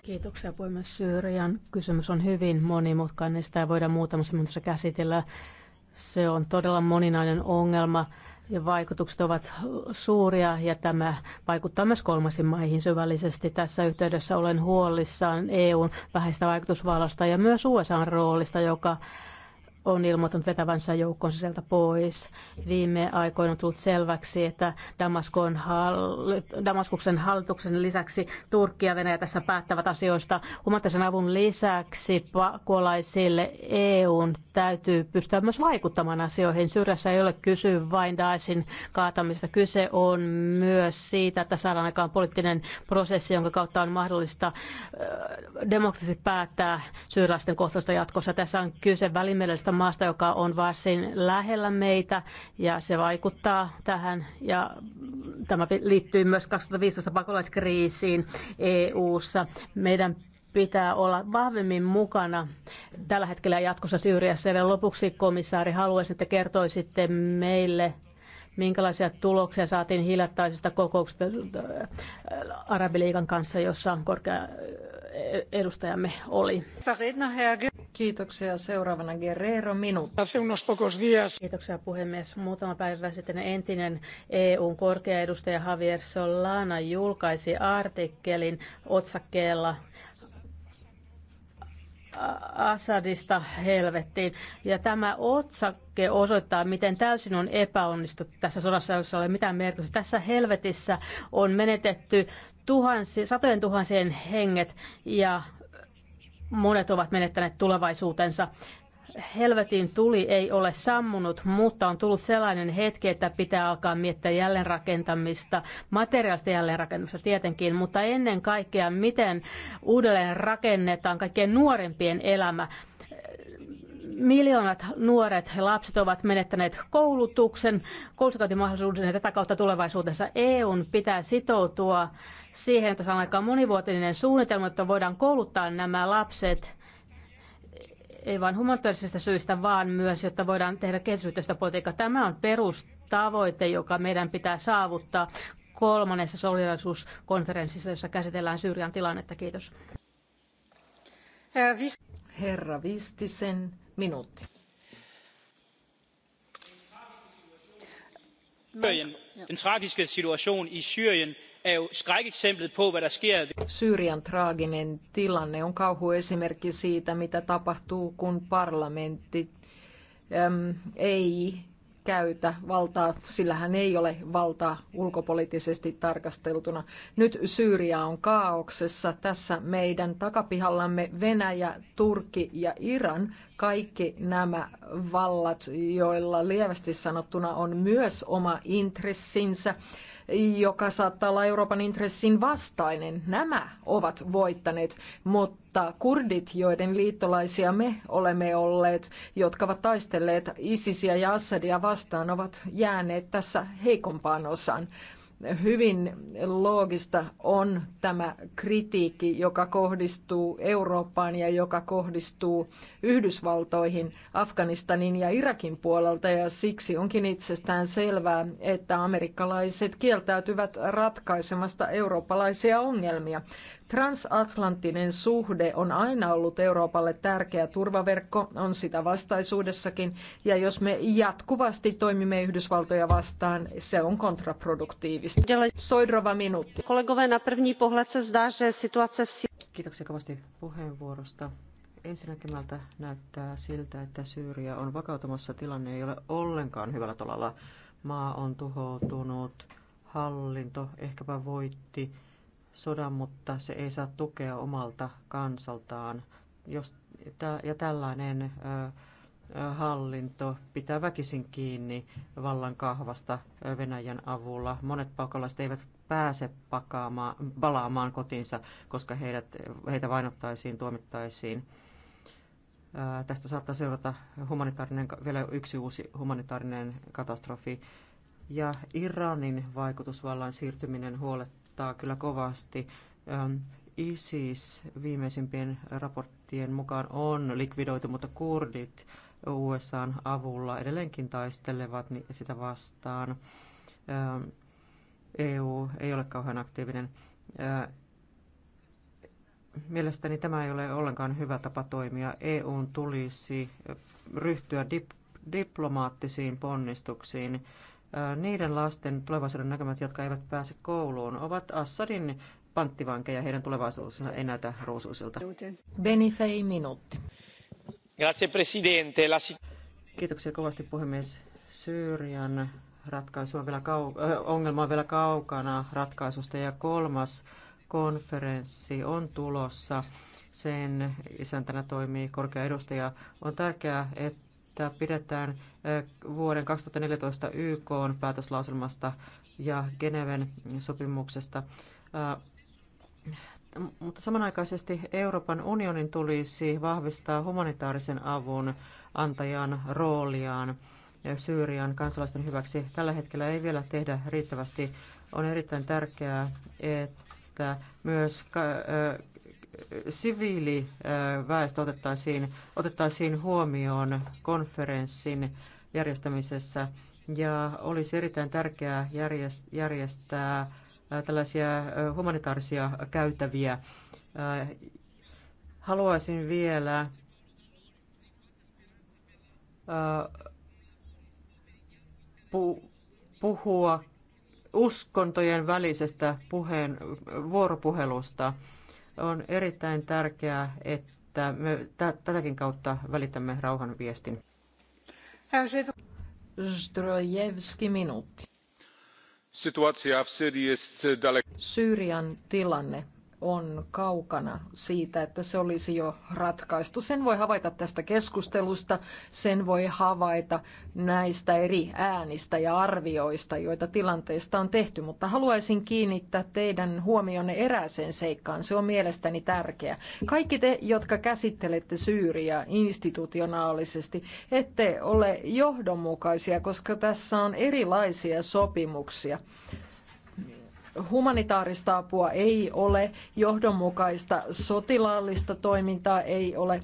Kiitoksia puhemies. Syyrian kysymys on hyvin monimutkainen. Sitä ei voida muutamassa minuutissa käsitellä. Se on todella moninainen ongelma ja vaikutukset ovat suuria ja tämä vaikuttaa myös kolmansiin maihin syvällisesti. Tässä yhteydessä olen huolissaan EUn vähäistä vaikutusvallasta ja myös USAn roolista, joka on ilmoittanut vetävänsä joukkonsa sieltä pois. Viime aikoina on tullut selväksi, että Damaskon hall- Damaskuksen hallituksen lisäksi Turkki ja Venäjä tässä päättävät asioista. Humanitaarisen avun lisäksi pakolaisille EUn täytyy pystyä myös vaikuttamaan asioihin. Syrjässä ei ole kysy vain Daesin kaatamista. Kyse on myös siitä, että saadaan aikaan poliittinen prosessi, jonka kautta on mahdollista äh, demokraattisesti päättää syyrialaisten kohtalosta jatkossa. Tässä on kyse välimerellisestä maasta, joka on varsin lähellä meitä ja se vaikuttaa tähän. Ja tämä liittyy myös 2015 pakolaiskriisiin EU-ssa. Meidän pitää olla vahvemmin mukana tällä hetkellä jatkossa Syyriassa. Ja vielä lopuksi komissaari haluaisi, että kertoisitte meille minkälaisia tuloksia saatiin hiljattaisesta kokouksesta äh, Arabiliikan kanssa, jossa korkea äh, edustajamme oli. Kiitoksia. Seuraavana Guerrero minuutti. Kiitoksia puhemies. Muutama päivä sitten entinen EUn korkea edustaja Javier Solana julkaisi artikkelin otsakkeella Assadista helvettiin. Ja tämä otsake osoittaa, miten täysin on epäonnistuttu tässä sodassa, jossa ei ole mitään merkitystä. Tässä helvetissä on menetetty tuhansi, satojen tuhansien henget ja monet ovat menettäneet tulevaisuutensa. Helvetin tuli ei ole sammunut, mutta on tullut sellainen hetki, että pitää alkaa miettiä jälleenrakentamista, materiaalista jälleenrakentamista tietenkin, mutta ennen kaikkea miten uudelleen rakennetaan kaikkien nuorempien elämä miljoonat nuoret ja lapset ovat menettäneet koulutuksen, koulutuskäyntimahdollisuuden ja tätä kautta tulevaisuutensa EUn pitää sitoutua siihen, että saadaan aikaan monivuotinen suunnitelma, että voidaan kouluttaa nämä lapset ei vain humanitaarisista syistä, vaan myös, jotta voidaan tehdä kehitysyhteistyöpolitiikkaa. Tämä on perustavoite, joka meidän pitää saavuttaa kolmannessa solidarisuuskonferenssissa, jossa käsitellään Syyrian tilannetta. Kiitos. Herra Vistisen Minuutti. Er Syyrian traaginen tilanne on kauhuesimerkki siitä, mitä tapahtuu, kun parlamentti äm, ei käytä valtaa, sillä hän ei ole valtaa ulkopoliittisesti tarkasteltuna. Nyt Syyria on kaauksessa. Tässä meidän takapihallamme Venäjä, Turkki ja Iran, kaikki nämä vallat, joilla lievästi sanottuna on myös oma intressinsä joka saattaa olla Euroopan intressin vastainen. Nämä ovat voittaneet, mutta kurdit, joiden liittolaisia me olemme olleet, jotka ovat taistelleet ISISiä ja Assadia vastaan, ovat jääneet tässä heikompaan osaan hyvin loogista on tämä kritiikki, joka kohdistuu Eurooppaan ja joka kohdistuu Yhdysvaltoihin Afganistanin ja Irakin puolelta. Ja siksi onkin itsestään selvää, että amerikkalaiset kieltäytyvät ratkaisemasta eurooppalaisia ongelmia. Transatlanttinen suhde on aina ollut Euroopalle tärkeä turvaverkko, on sitä vastaisuudessakin, ja jos me jatkuvasti toimimme Yhdysvaltoja vastaan, se on kontraproduktiivista. Soidrova minuutti. Kollegove, na první pohled se zdá, že situace v... Kiitoksia kovasti puheenvuorosta. Ensinnäkemältä näyttää siltä, että Syyria on vakautumassa. Tilanne ei ole ollenkaan hyvällä tolalla. Maa on tuhoutunut, hallinto ehkäpä voitti sodan, mutta se ei saa tukea omalta kansaltaan. Jos, ja tällainen hallinto pitää väkisin kiinni vallan kahvasta Venäjän avulla. Monet pakolaiset eivät pääse pakaamaan, palaamaan kotiinsa, koska heidät, heitä vainottaisiin, tuomittaisiin. Ää, tästä saattaa seurata humanitaarinen, vielä yksi uusi humanitaarinen katastrofi. Ja Iranin vaikutusvallan siirtyminen huolet, huolettaa kyllä kovasti. Ähm, ISIS viimeisimpien raporttien mukaan on likvidoitu, mutta kurdit USAn avulla edelleenkin taistelevat sitä vastaan. Ähm, EU ei ole kauhean aktiivinen. Äh, mielestäni tämä ei ole ollenkaan hyvä tapa toimia. EU tulisi ryhtyä dip- diplomaattisiin ponnistuksiin niiden lasten tulevaisuuden näkymät, jotka eivät pääse kouluun, ovat Assadin panttivankeja. Heidän tulevaisuudessaan ei näytä ruusuisilta. Benifei minuutti. Grazie, presidente. La... Kiitoksia kovasti puhemies. Syyrian ratkaisu on vielä kau- äh, ongelma on vielä kaukana ratkaisusta ja kolmas konferenssi on tulossa. Sen isäntänä toimii korkea edustaja. On tärkeää, että että pidetään vuoden 2014 YK päätöslauselmasta ja Geneven sopimuksesta. Mutta samanaikaisesti Euroopan unionin tulisi vahvistaa humanitaarisen avun antajan rooliaan Syyrian kansalaisten hyväksi. Tällä hetkellä ei vielä tehdä riittävästi. On erittäin tärkeää, että myös siviiliväestö otettaisiin, otettaisiin huomioon konferenssin järjestämisessä ja olisi erittäin tärkeää järjestää tällaisia humanitaarisia käytäviä. Haluaisin vielä puhua uskontojen välisestä puheen, vuoropuhelusta – on erittäin tärkeää, että me tätäkin kautta välitämme rauhan viestin. Zdrojevski minuutti. Syyrian tilanne on kaukana siitä, että se olisi jo ratkaistu. Sen voi havaita tästä keskustelusta, sen voi havaita näistä eri äänistä ja arvioista, joita tilanteesta on tehty, mutta haluaisin kiinnittää teidän huomionne erääseen seikkaan. Se on mielestäni tärkeä. Kaikki te, jotka käsittelette Syyriä institutionaalisesti, ette ole johdonmukaisia, koska tässä on erilaisia sopimuksia humanitaarista apua ei ole, johdonmukaista sotilaallista toimintaa ei ole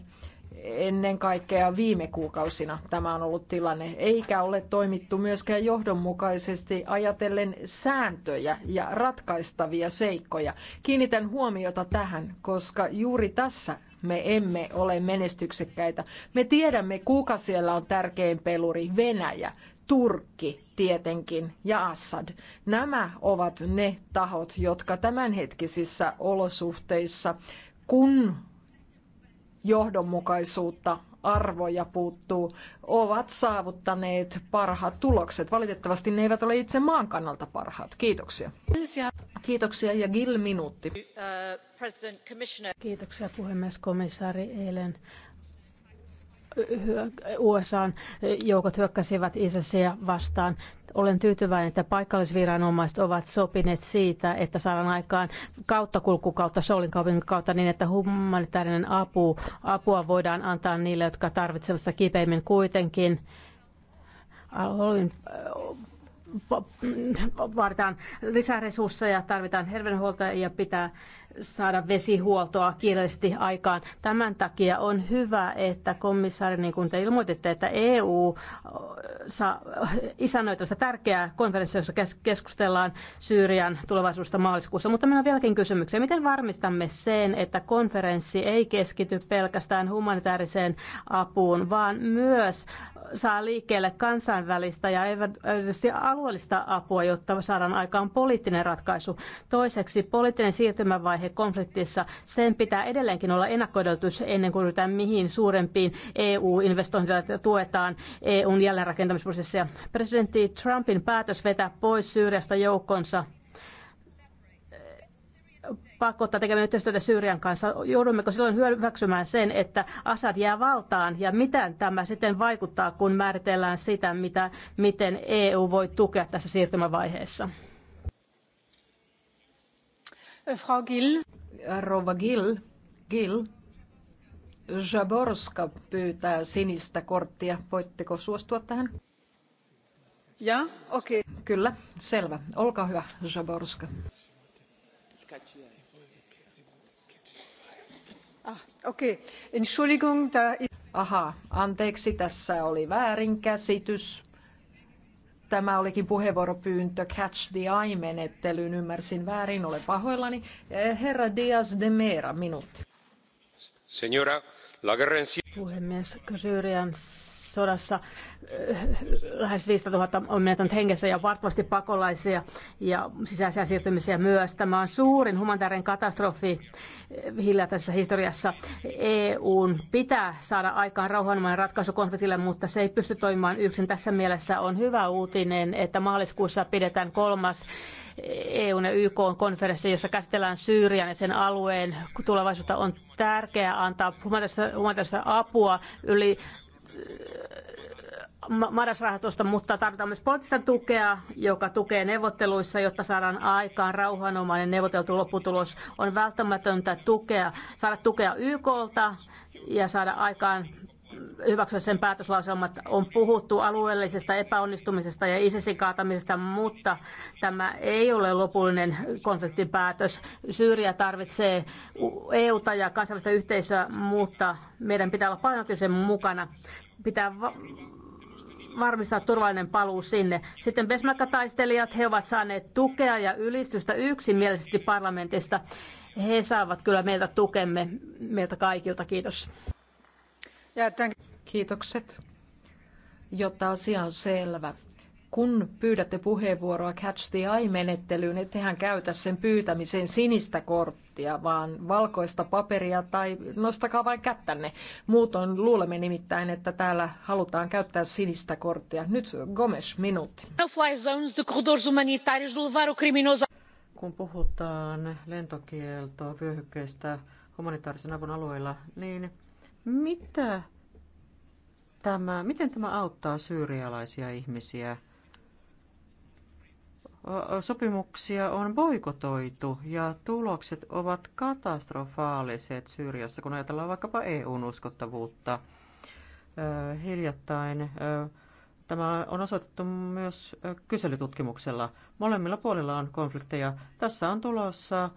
ennen kaikkea viime kuukausina tämä on ollut tilanne, eikä ole toimittu myöskään johdonmukaisesti ajatellen sääntöjä ja ratkaistavia seikkoja. Kiinnitän huomiota tähän, koska juuri tässä me emme ole menestyksekkäitä. Me tiedämme, kuka siellä on tärkein peluri, Venäjä. Turkki tietenkin ja Assad. Nämä ovat ne tahot, jotka tämänhetkisissä olosuhteissa, kun johdonmukaisuutta arvoja puuttuu, ovat saavuttaneet parhaat tulokset. Valitettavasti ne eivät ole itse maan kannalta parhaat. Kiitoksia. Kiitoksia ja Gil minuutti. Uh, Kiitoksia puhemies komissaari eilen usa joukot hyökkäsivät ISISiä vastaan. Olen tyytyväinen, että paikallisviranomaiset ovat sopineet siitä, että saadaan aikaan kauttakulkukautta Soulin kaupungin kautta niin, että humanitaarinen apu, apua voidaan antaa niille, jotka tarvitsevat sitä kipeimmin kuitenkin. Äh, olin äh, mm, vaaditaan lisäresursseja, tarvitaan terveydenhuoltoa ja pitää saada vesihuoltoa kiireellisesti aikaan. Tämän takia on hyvä, että komissaari, niin kuin te ilmoititte, että EU saa isännöi tällaista tärkeää konferenssia, jossa keskustellaan Syyrian tulevaisuudesta maaliskuussa. Mutta meillä on vieläkin kysymyksiä. Miten varmistamme sen, että konferenssi ei keskity pelkästään humanitaariseen apuun, vaan myös saa liikkeelle kansainvälistä ja erityisesti alueellista apua, jotta saadaan aikaan poliittinen ratkaisu. Toiseksi poliittinen siirtymävaihe vaihe konfliktissa. Sen pitää edelleenkin olla ennakkoedellytys ennen kuin ryhdytään mihin suurempiin EU-investointeja tuetaan EUn jälleenrakentamisprosessia. Presidentti Trumpin päätös vetää pois Syyriasta joukkonsa pakottaa tekemään yhteistyötä Syyrian kanssa. Joudummeko silloin hyväksymään sen, että Assad jää valtaan ja miten tämä sitten vaikuttaa, kun määritellään sitä, mitä, miten EU voi tukea tässä siirtymävaiheessa? Eh, Frau Gill. Rouva Gill. Gill. Jaborska pyytää sinistä korttia. Voitteko suostua tähän? Ja, okei. Okay. Kyllä, selvä. Olkaa hyvä, Jaborska. Ah, okei. Okay. Entschuldigung, da... Aha, anteeksi, tässä oli väärinkäsitys. Tämä olikin puheenvuoropyyntö Catch the Eye-menettelyyn, ymmärsin väärin, olen pahoillani. Eh, herra Diaz de Mera, minuutti. Señora, la guerra en... Puhemies, Syyrian sodassa lähes 5000 on menettänyt hengessä ja varmasti pakolaisia ja sisäisiä siirtymisiä myös. Tämä on suurin humanitaarinen katastrofi tässä historiassa. EUn pitää saada aikaan rauhanomainen ratkaisu konfliktille, mutta se ei pysty toimimaan yksin. Tässä mielessä on hyvä uutinen, että maaliskuussa pidetään kolmas EUn ja YK konferenssi, jossa käsitellään Syyrian ja sen alueen tulevaisuutta, on tärkeää antaa humanitaarista apua yli marasrahastosta, mutta tarvitaan myös poliittista tukea, joka tukee neuvotteluissa, jotta saadaan aikaan rauhanomainen neuvoteltu lopputulos. On välttämätöntä tukea, saada tukea YKlta ja saada aikaan hyväksyä sen päätöslauselmat. On puhuttu alueellisesta epäonnistumisesta ja ISISin kaatamisesta, mutta tämä ei ole lopullinen päätös. Syyriä tarvitsee EUta ja kansainvälistä yhteisöä, mutta meidän pitää olla painottisen mukana. Pitää va- varmistaa turvallinen paluu sinne. Sitten Besmakka-taistelijat, he ovat saaneet tukea ja ylistystä yksimielisesti parlamentista. He saavat kyllä meiltä tukemme, meiltä kaikilta. Kiitos. Kiitokset. Jotta asia on selvä, kun pyydätte puheenvuoroa Catch the Eye-menettelyyn, ettehän käytä sen pyytämiseen sinistä korttia, vaan valkoista paperia tai nostakaa vain kättänne. Muutoin luulemme nimittäin, että täällä halutaan käyttää sinistä korttia. Nyt Gomes, minuutti. Kun puhutaan lentokieltoa vyöhykkeistä humanitaarisen avun alueilla, niin mitä tämä, miten tämä auttaa syyrialaisia ihmisiä? Sopimuksia on boikotoitu ja tulokset ovat katastrofaaliset Syyriassa, kun ajatellaan vaikkapa EUn uskottavuutta. Hiljattain tämä on osoitettu myös kyselytutkimuksella. Molemmilla puolilla on konflikteja. Tässä on tulossa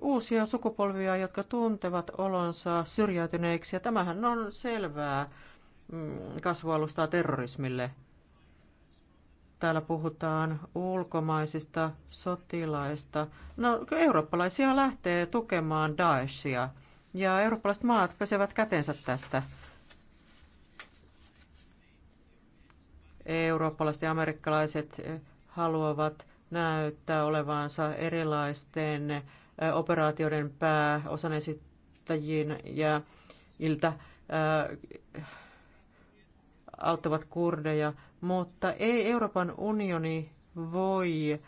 uusia sukupolvia, jotka tuntevat olonsa syrjäytyneiksi. Ja tämähän on selvää mm, kasvualustaa terrorismille. Täällä puhutaan ulkomaisista sotilaista. No, eurooppalaisia lähtee tukemaan Daeshia. Ja eurooppalaiset maat pesevät kätensä tästä. Eurooppalaiset ja amerikkalaiset haluavat näyttää olevansa erilaisten operaatioiden pääosan esittäjiin ja iltä auttavat kurdeja, mutta ei Euroopan unioni voi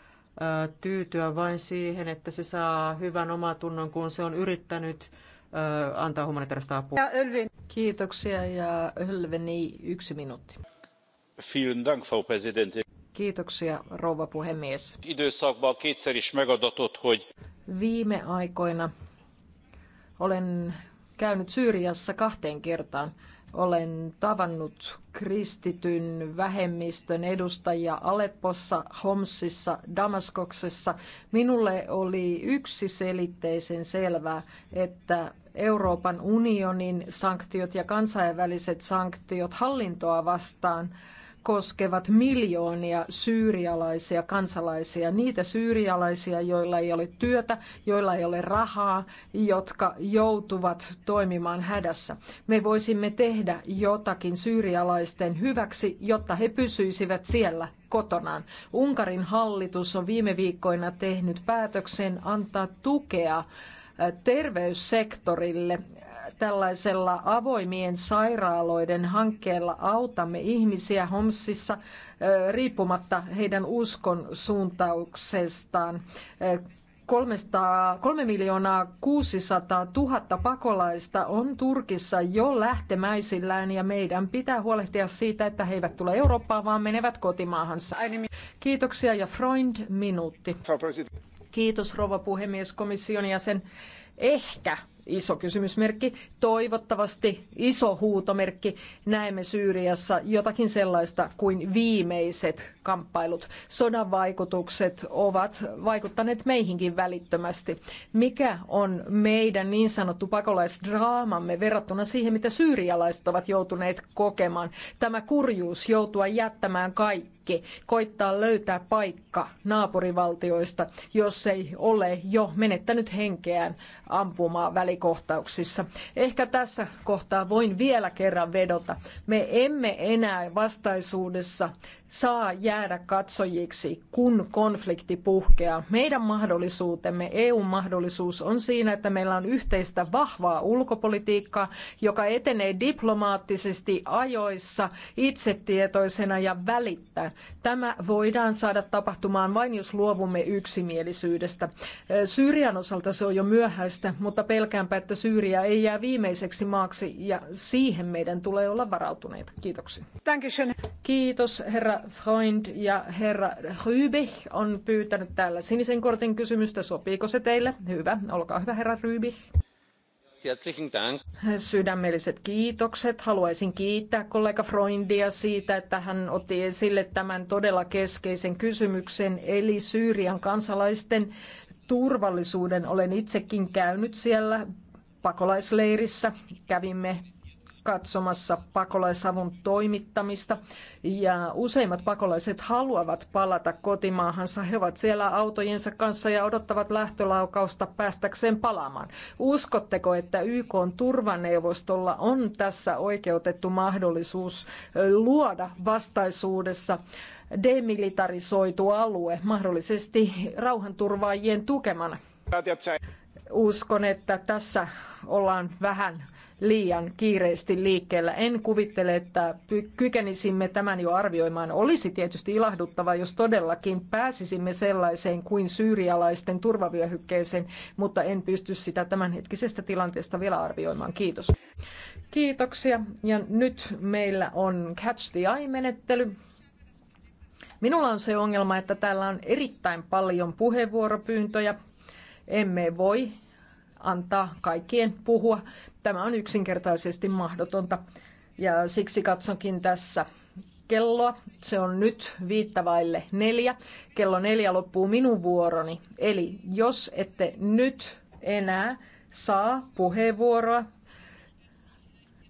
tyytyä vain siihen, että se saa hyvän omatunnon, kun se on yrittänyt antaa humanitaarista apua. Kiitoksia ja Hölveni yksi minuutti. Vielen Dank, Frau Präsidentin. Kiitoksia, rouva puhemies. Viime aikoina olen käynyt Syyriassa kahteen kertaan. Olen tavannut kristityn vähemmistön edustajia Aleppossa, Homsissa, Damaskoksessa. Minulle oli yksiselitteisen selvää, että Euroopan unionin sanktiot ja kansainväliset sanktiot hallintoa vastaan – koskevat miljoonia syyrialaisia kansalaisia, niitä syyrialaisia, joilla ei ole työtä, joilla ei ole rahaa, jotka joutuvat toimimaan hädässä. Me voisimme tehdä jotakin syyrialaisten hyväksi, jotta he pysyisivät siellä kotonaan. Unkarin hallitus on viime viikkoina tehnyt päätöksen antaa tukea eh, terveyssektorille tällaisella avoimien sairaaloiden hankkeella autamme ihmisiä Homsissa riippumatta heidän uskon suuntauksestaan. 3 miljoonaa 600 000 pakolaista on Turkissa jo lähtemäisillään ja meidän pitää huolehtia siitä, että he eivät tule Eurooppaan, vaan menevät kotimaahansa. Kiitoksia ja Freund minuutti. Kiitos rouva puhemies komission jäsen. Ehkä iso kysymysmerkki. Toivottavasti iso huutomerkki näemme Syyriassa jotakin sellaista kuin viimeiset kamppailut. Sodan vaikutukset ovat vaikuttaneet meihinkin välittömästi. Mikä on meidän niin sanottu pakolaisdraamamme verrattuna siihen, mitä syyrialaiset ovat joutuneet kokemaan? Tämä kurjuus joutua jättämään kaikki kaikki koittaa löytää paikka naapurivaltioista, jos ei ole jo menettänyt henkeään ampumaa välikohtauksissa. Ehkä tässä kohtaa voin vielä kerran vedota. Me emme enää vastaisuudessa saa jäädä katsojiksi, kun konflikti puhkeaa. Meidän mahdollisuutemme, eu mahdollisuus on siinä, että meillä on yhteistä vahvaa ulkopolitiikkaa, joka etenee diplomaattisesti ajoissa, itsetietoisena ja välittää. Tämä voidaan saada tapahtumaan vain, jos luovumme yksimielisyydestä. Syyrian osalta se on jo myöhäistä, mutta pelkäänpä, että Syyria ei jää viimeiseksi maaksi ja siihen meidän tulee olla varautuneita. Kiitoksia. Kiitos herra Freund ja herra Rybich on pyytänyt täällä sinisen kortin kysymystä. Sopiiko se teille? Hyvä. Olkaa hyvä, herra Rybich. Sydämelliset kiitokset. Haluaisin kiittää kollega Freundia siitä, että hän otti esille tämän todella keskeisen kysymyksen, eli Syyrian kansalaisten turvallisuuden. Olen itsekin käynyt siellä pakolaisleirissä. Kävimme katsomassa pakolaisavun toimittamista. Ja useimmat pakolaiset haluavat palata kotimaahansa. He ovat siellä autojensa kanssa ja odottavat lähtölaukausta päästäkseen palaamaan. Uskotteko, että YK on turvaneuvostolla on tässä oikeutettu mahdollisuus luoda vastaisuudessa demilitarisoitu alue, mahdollisesti rauhanturvaajien tukemana? Uskon, että tässä ollaan vähän liian kiireesti liikkeellä. En kuvittele, että kykenisimme tämän jo arvioimaan. Olisi tietysti ilahduttavaa, jos todellakin pääsisimme sellaiseen kuin syyrialaisten turvavyöhykkeeseen, mutta en pysty sitä tämänhetkisestä tilanteesta vielä arvioimaan. Kiitos. Kiitoksia. Ja nyt meillä on Catch the Eye-menettely. Minulla on se ongelma, että täällä on erittäin paljon puheenvuoropyyntöjä. Emme voi antaa kaikkien puhua. Tämä on yksinkertaisesti mahdotonta ja siksi katsonkin tässä kelloa. Se on nyt viittavaille neljä. Kello neljä loppuu minun vuoroni. Eli jos ette nyt enää saa puheenvuoroa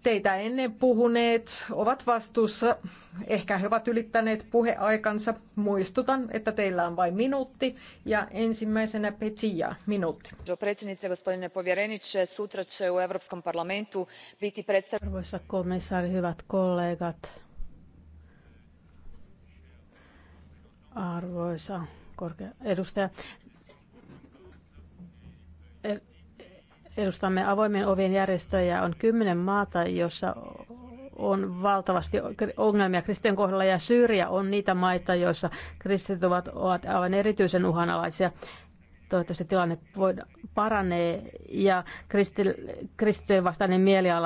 teitä ennen puhuneet ovat vastuussa. Ehkä he ovat ylittäneet puheaikansa. Muistutan, että teillä on vain minuutti ja ensimmäisenä Petia minuutti. Arvoisa komissaari, hyvät kollegat, arvoisa korkea edustaja. Edustamme avoimen ovien järjestöjä. On kymmenen maata, jossa on valtavasti ongelmia kristien kohdalla ja Syyria on niitä maita, joissa kristit ovat, ovat aivan erityisen uhanalaisia. Toivottavasti tilanne voida, paranee ja kristi, kristittyjen vastainen mieliala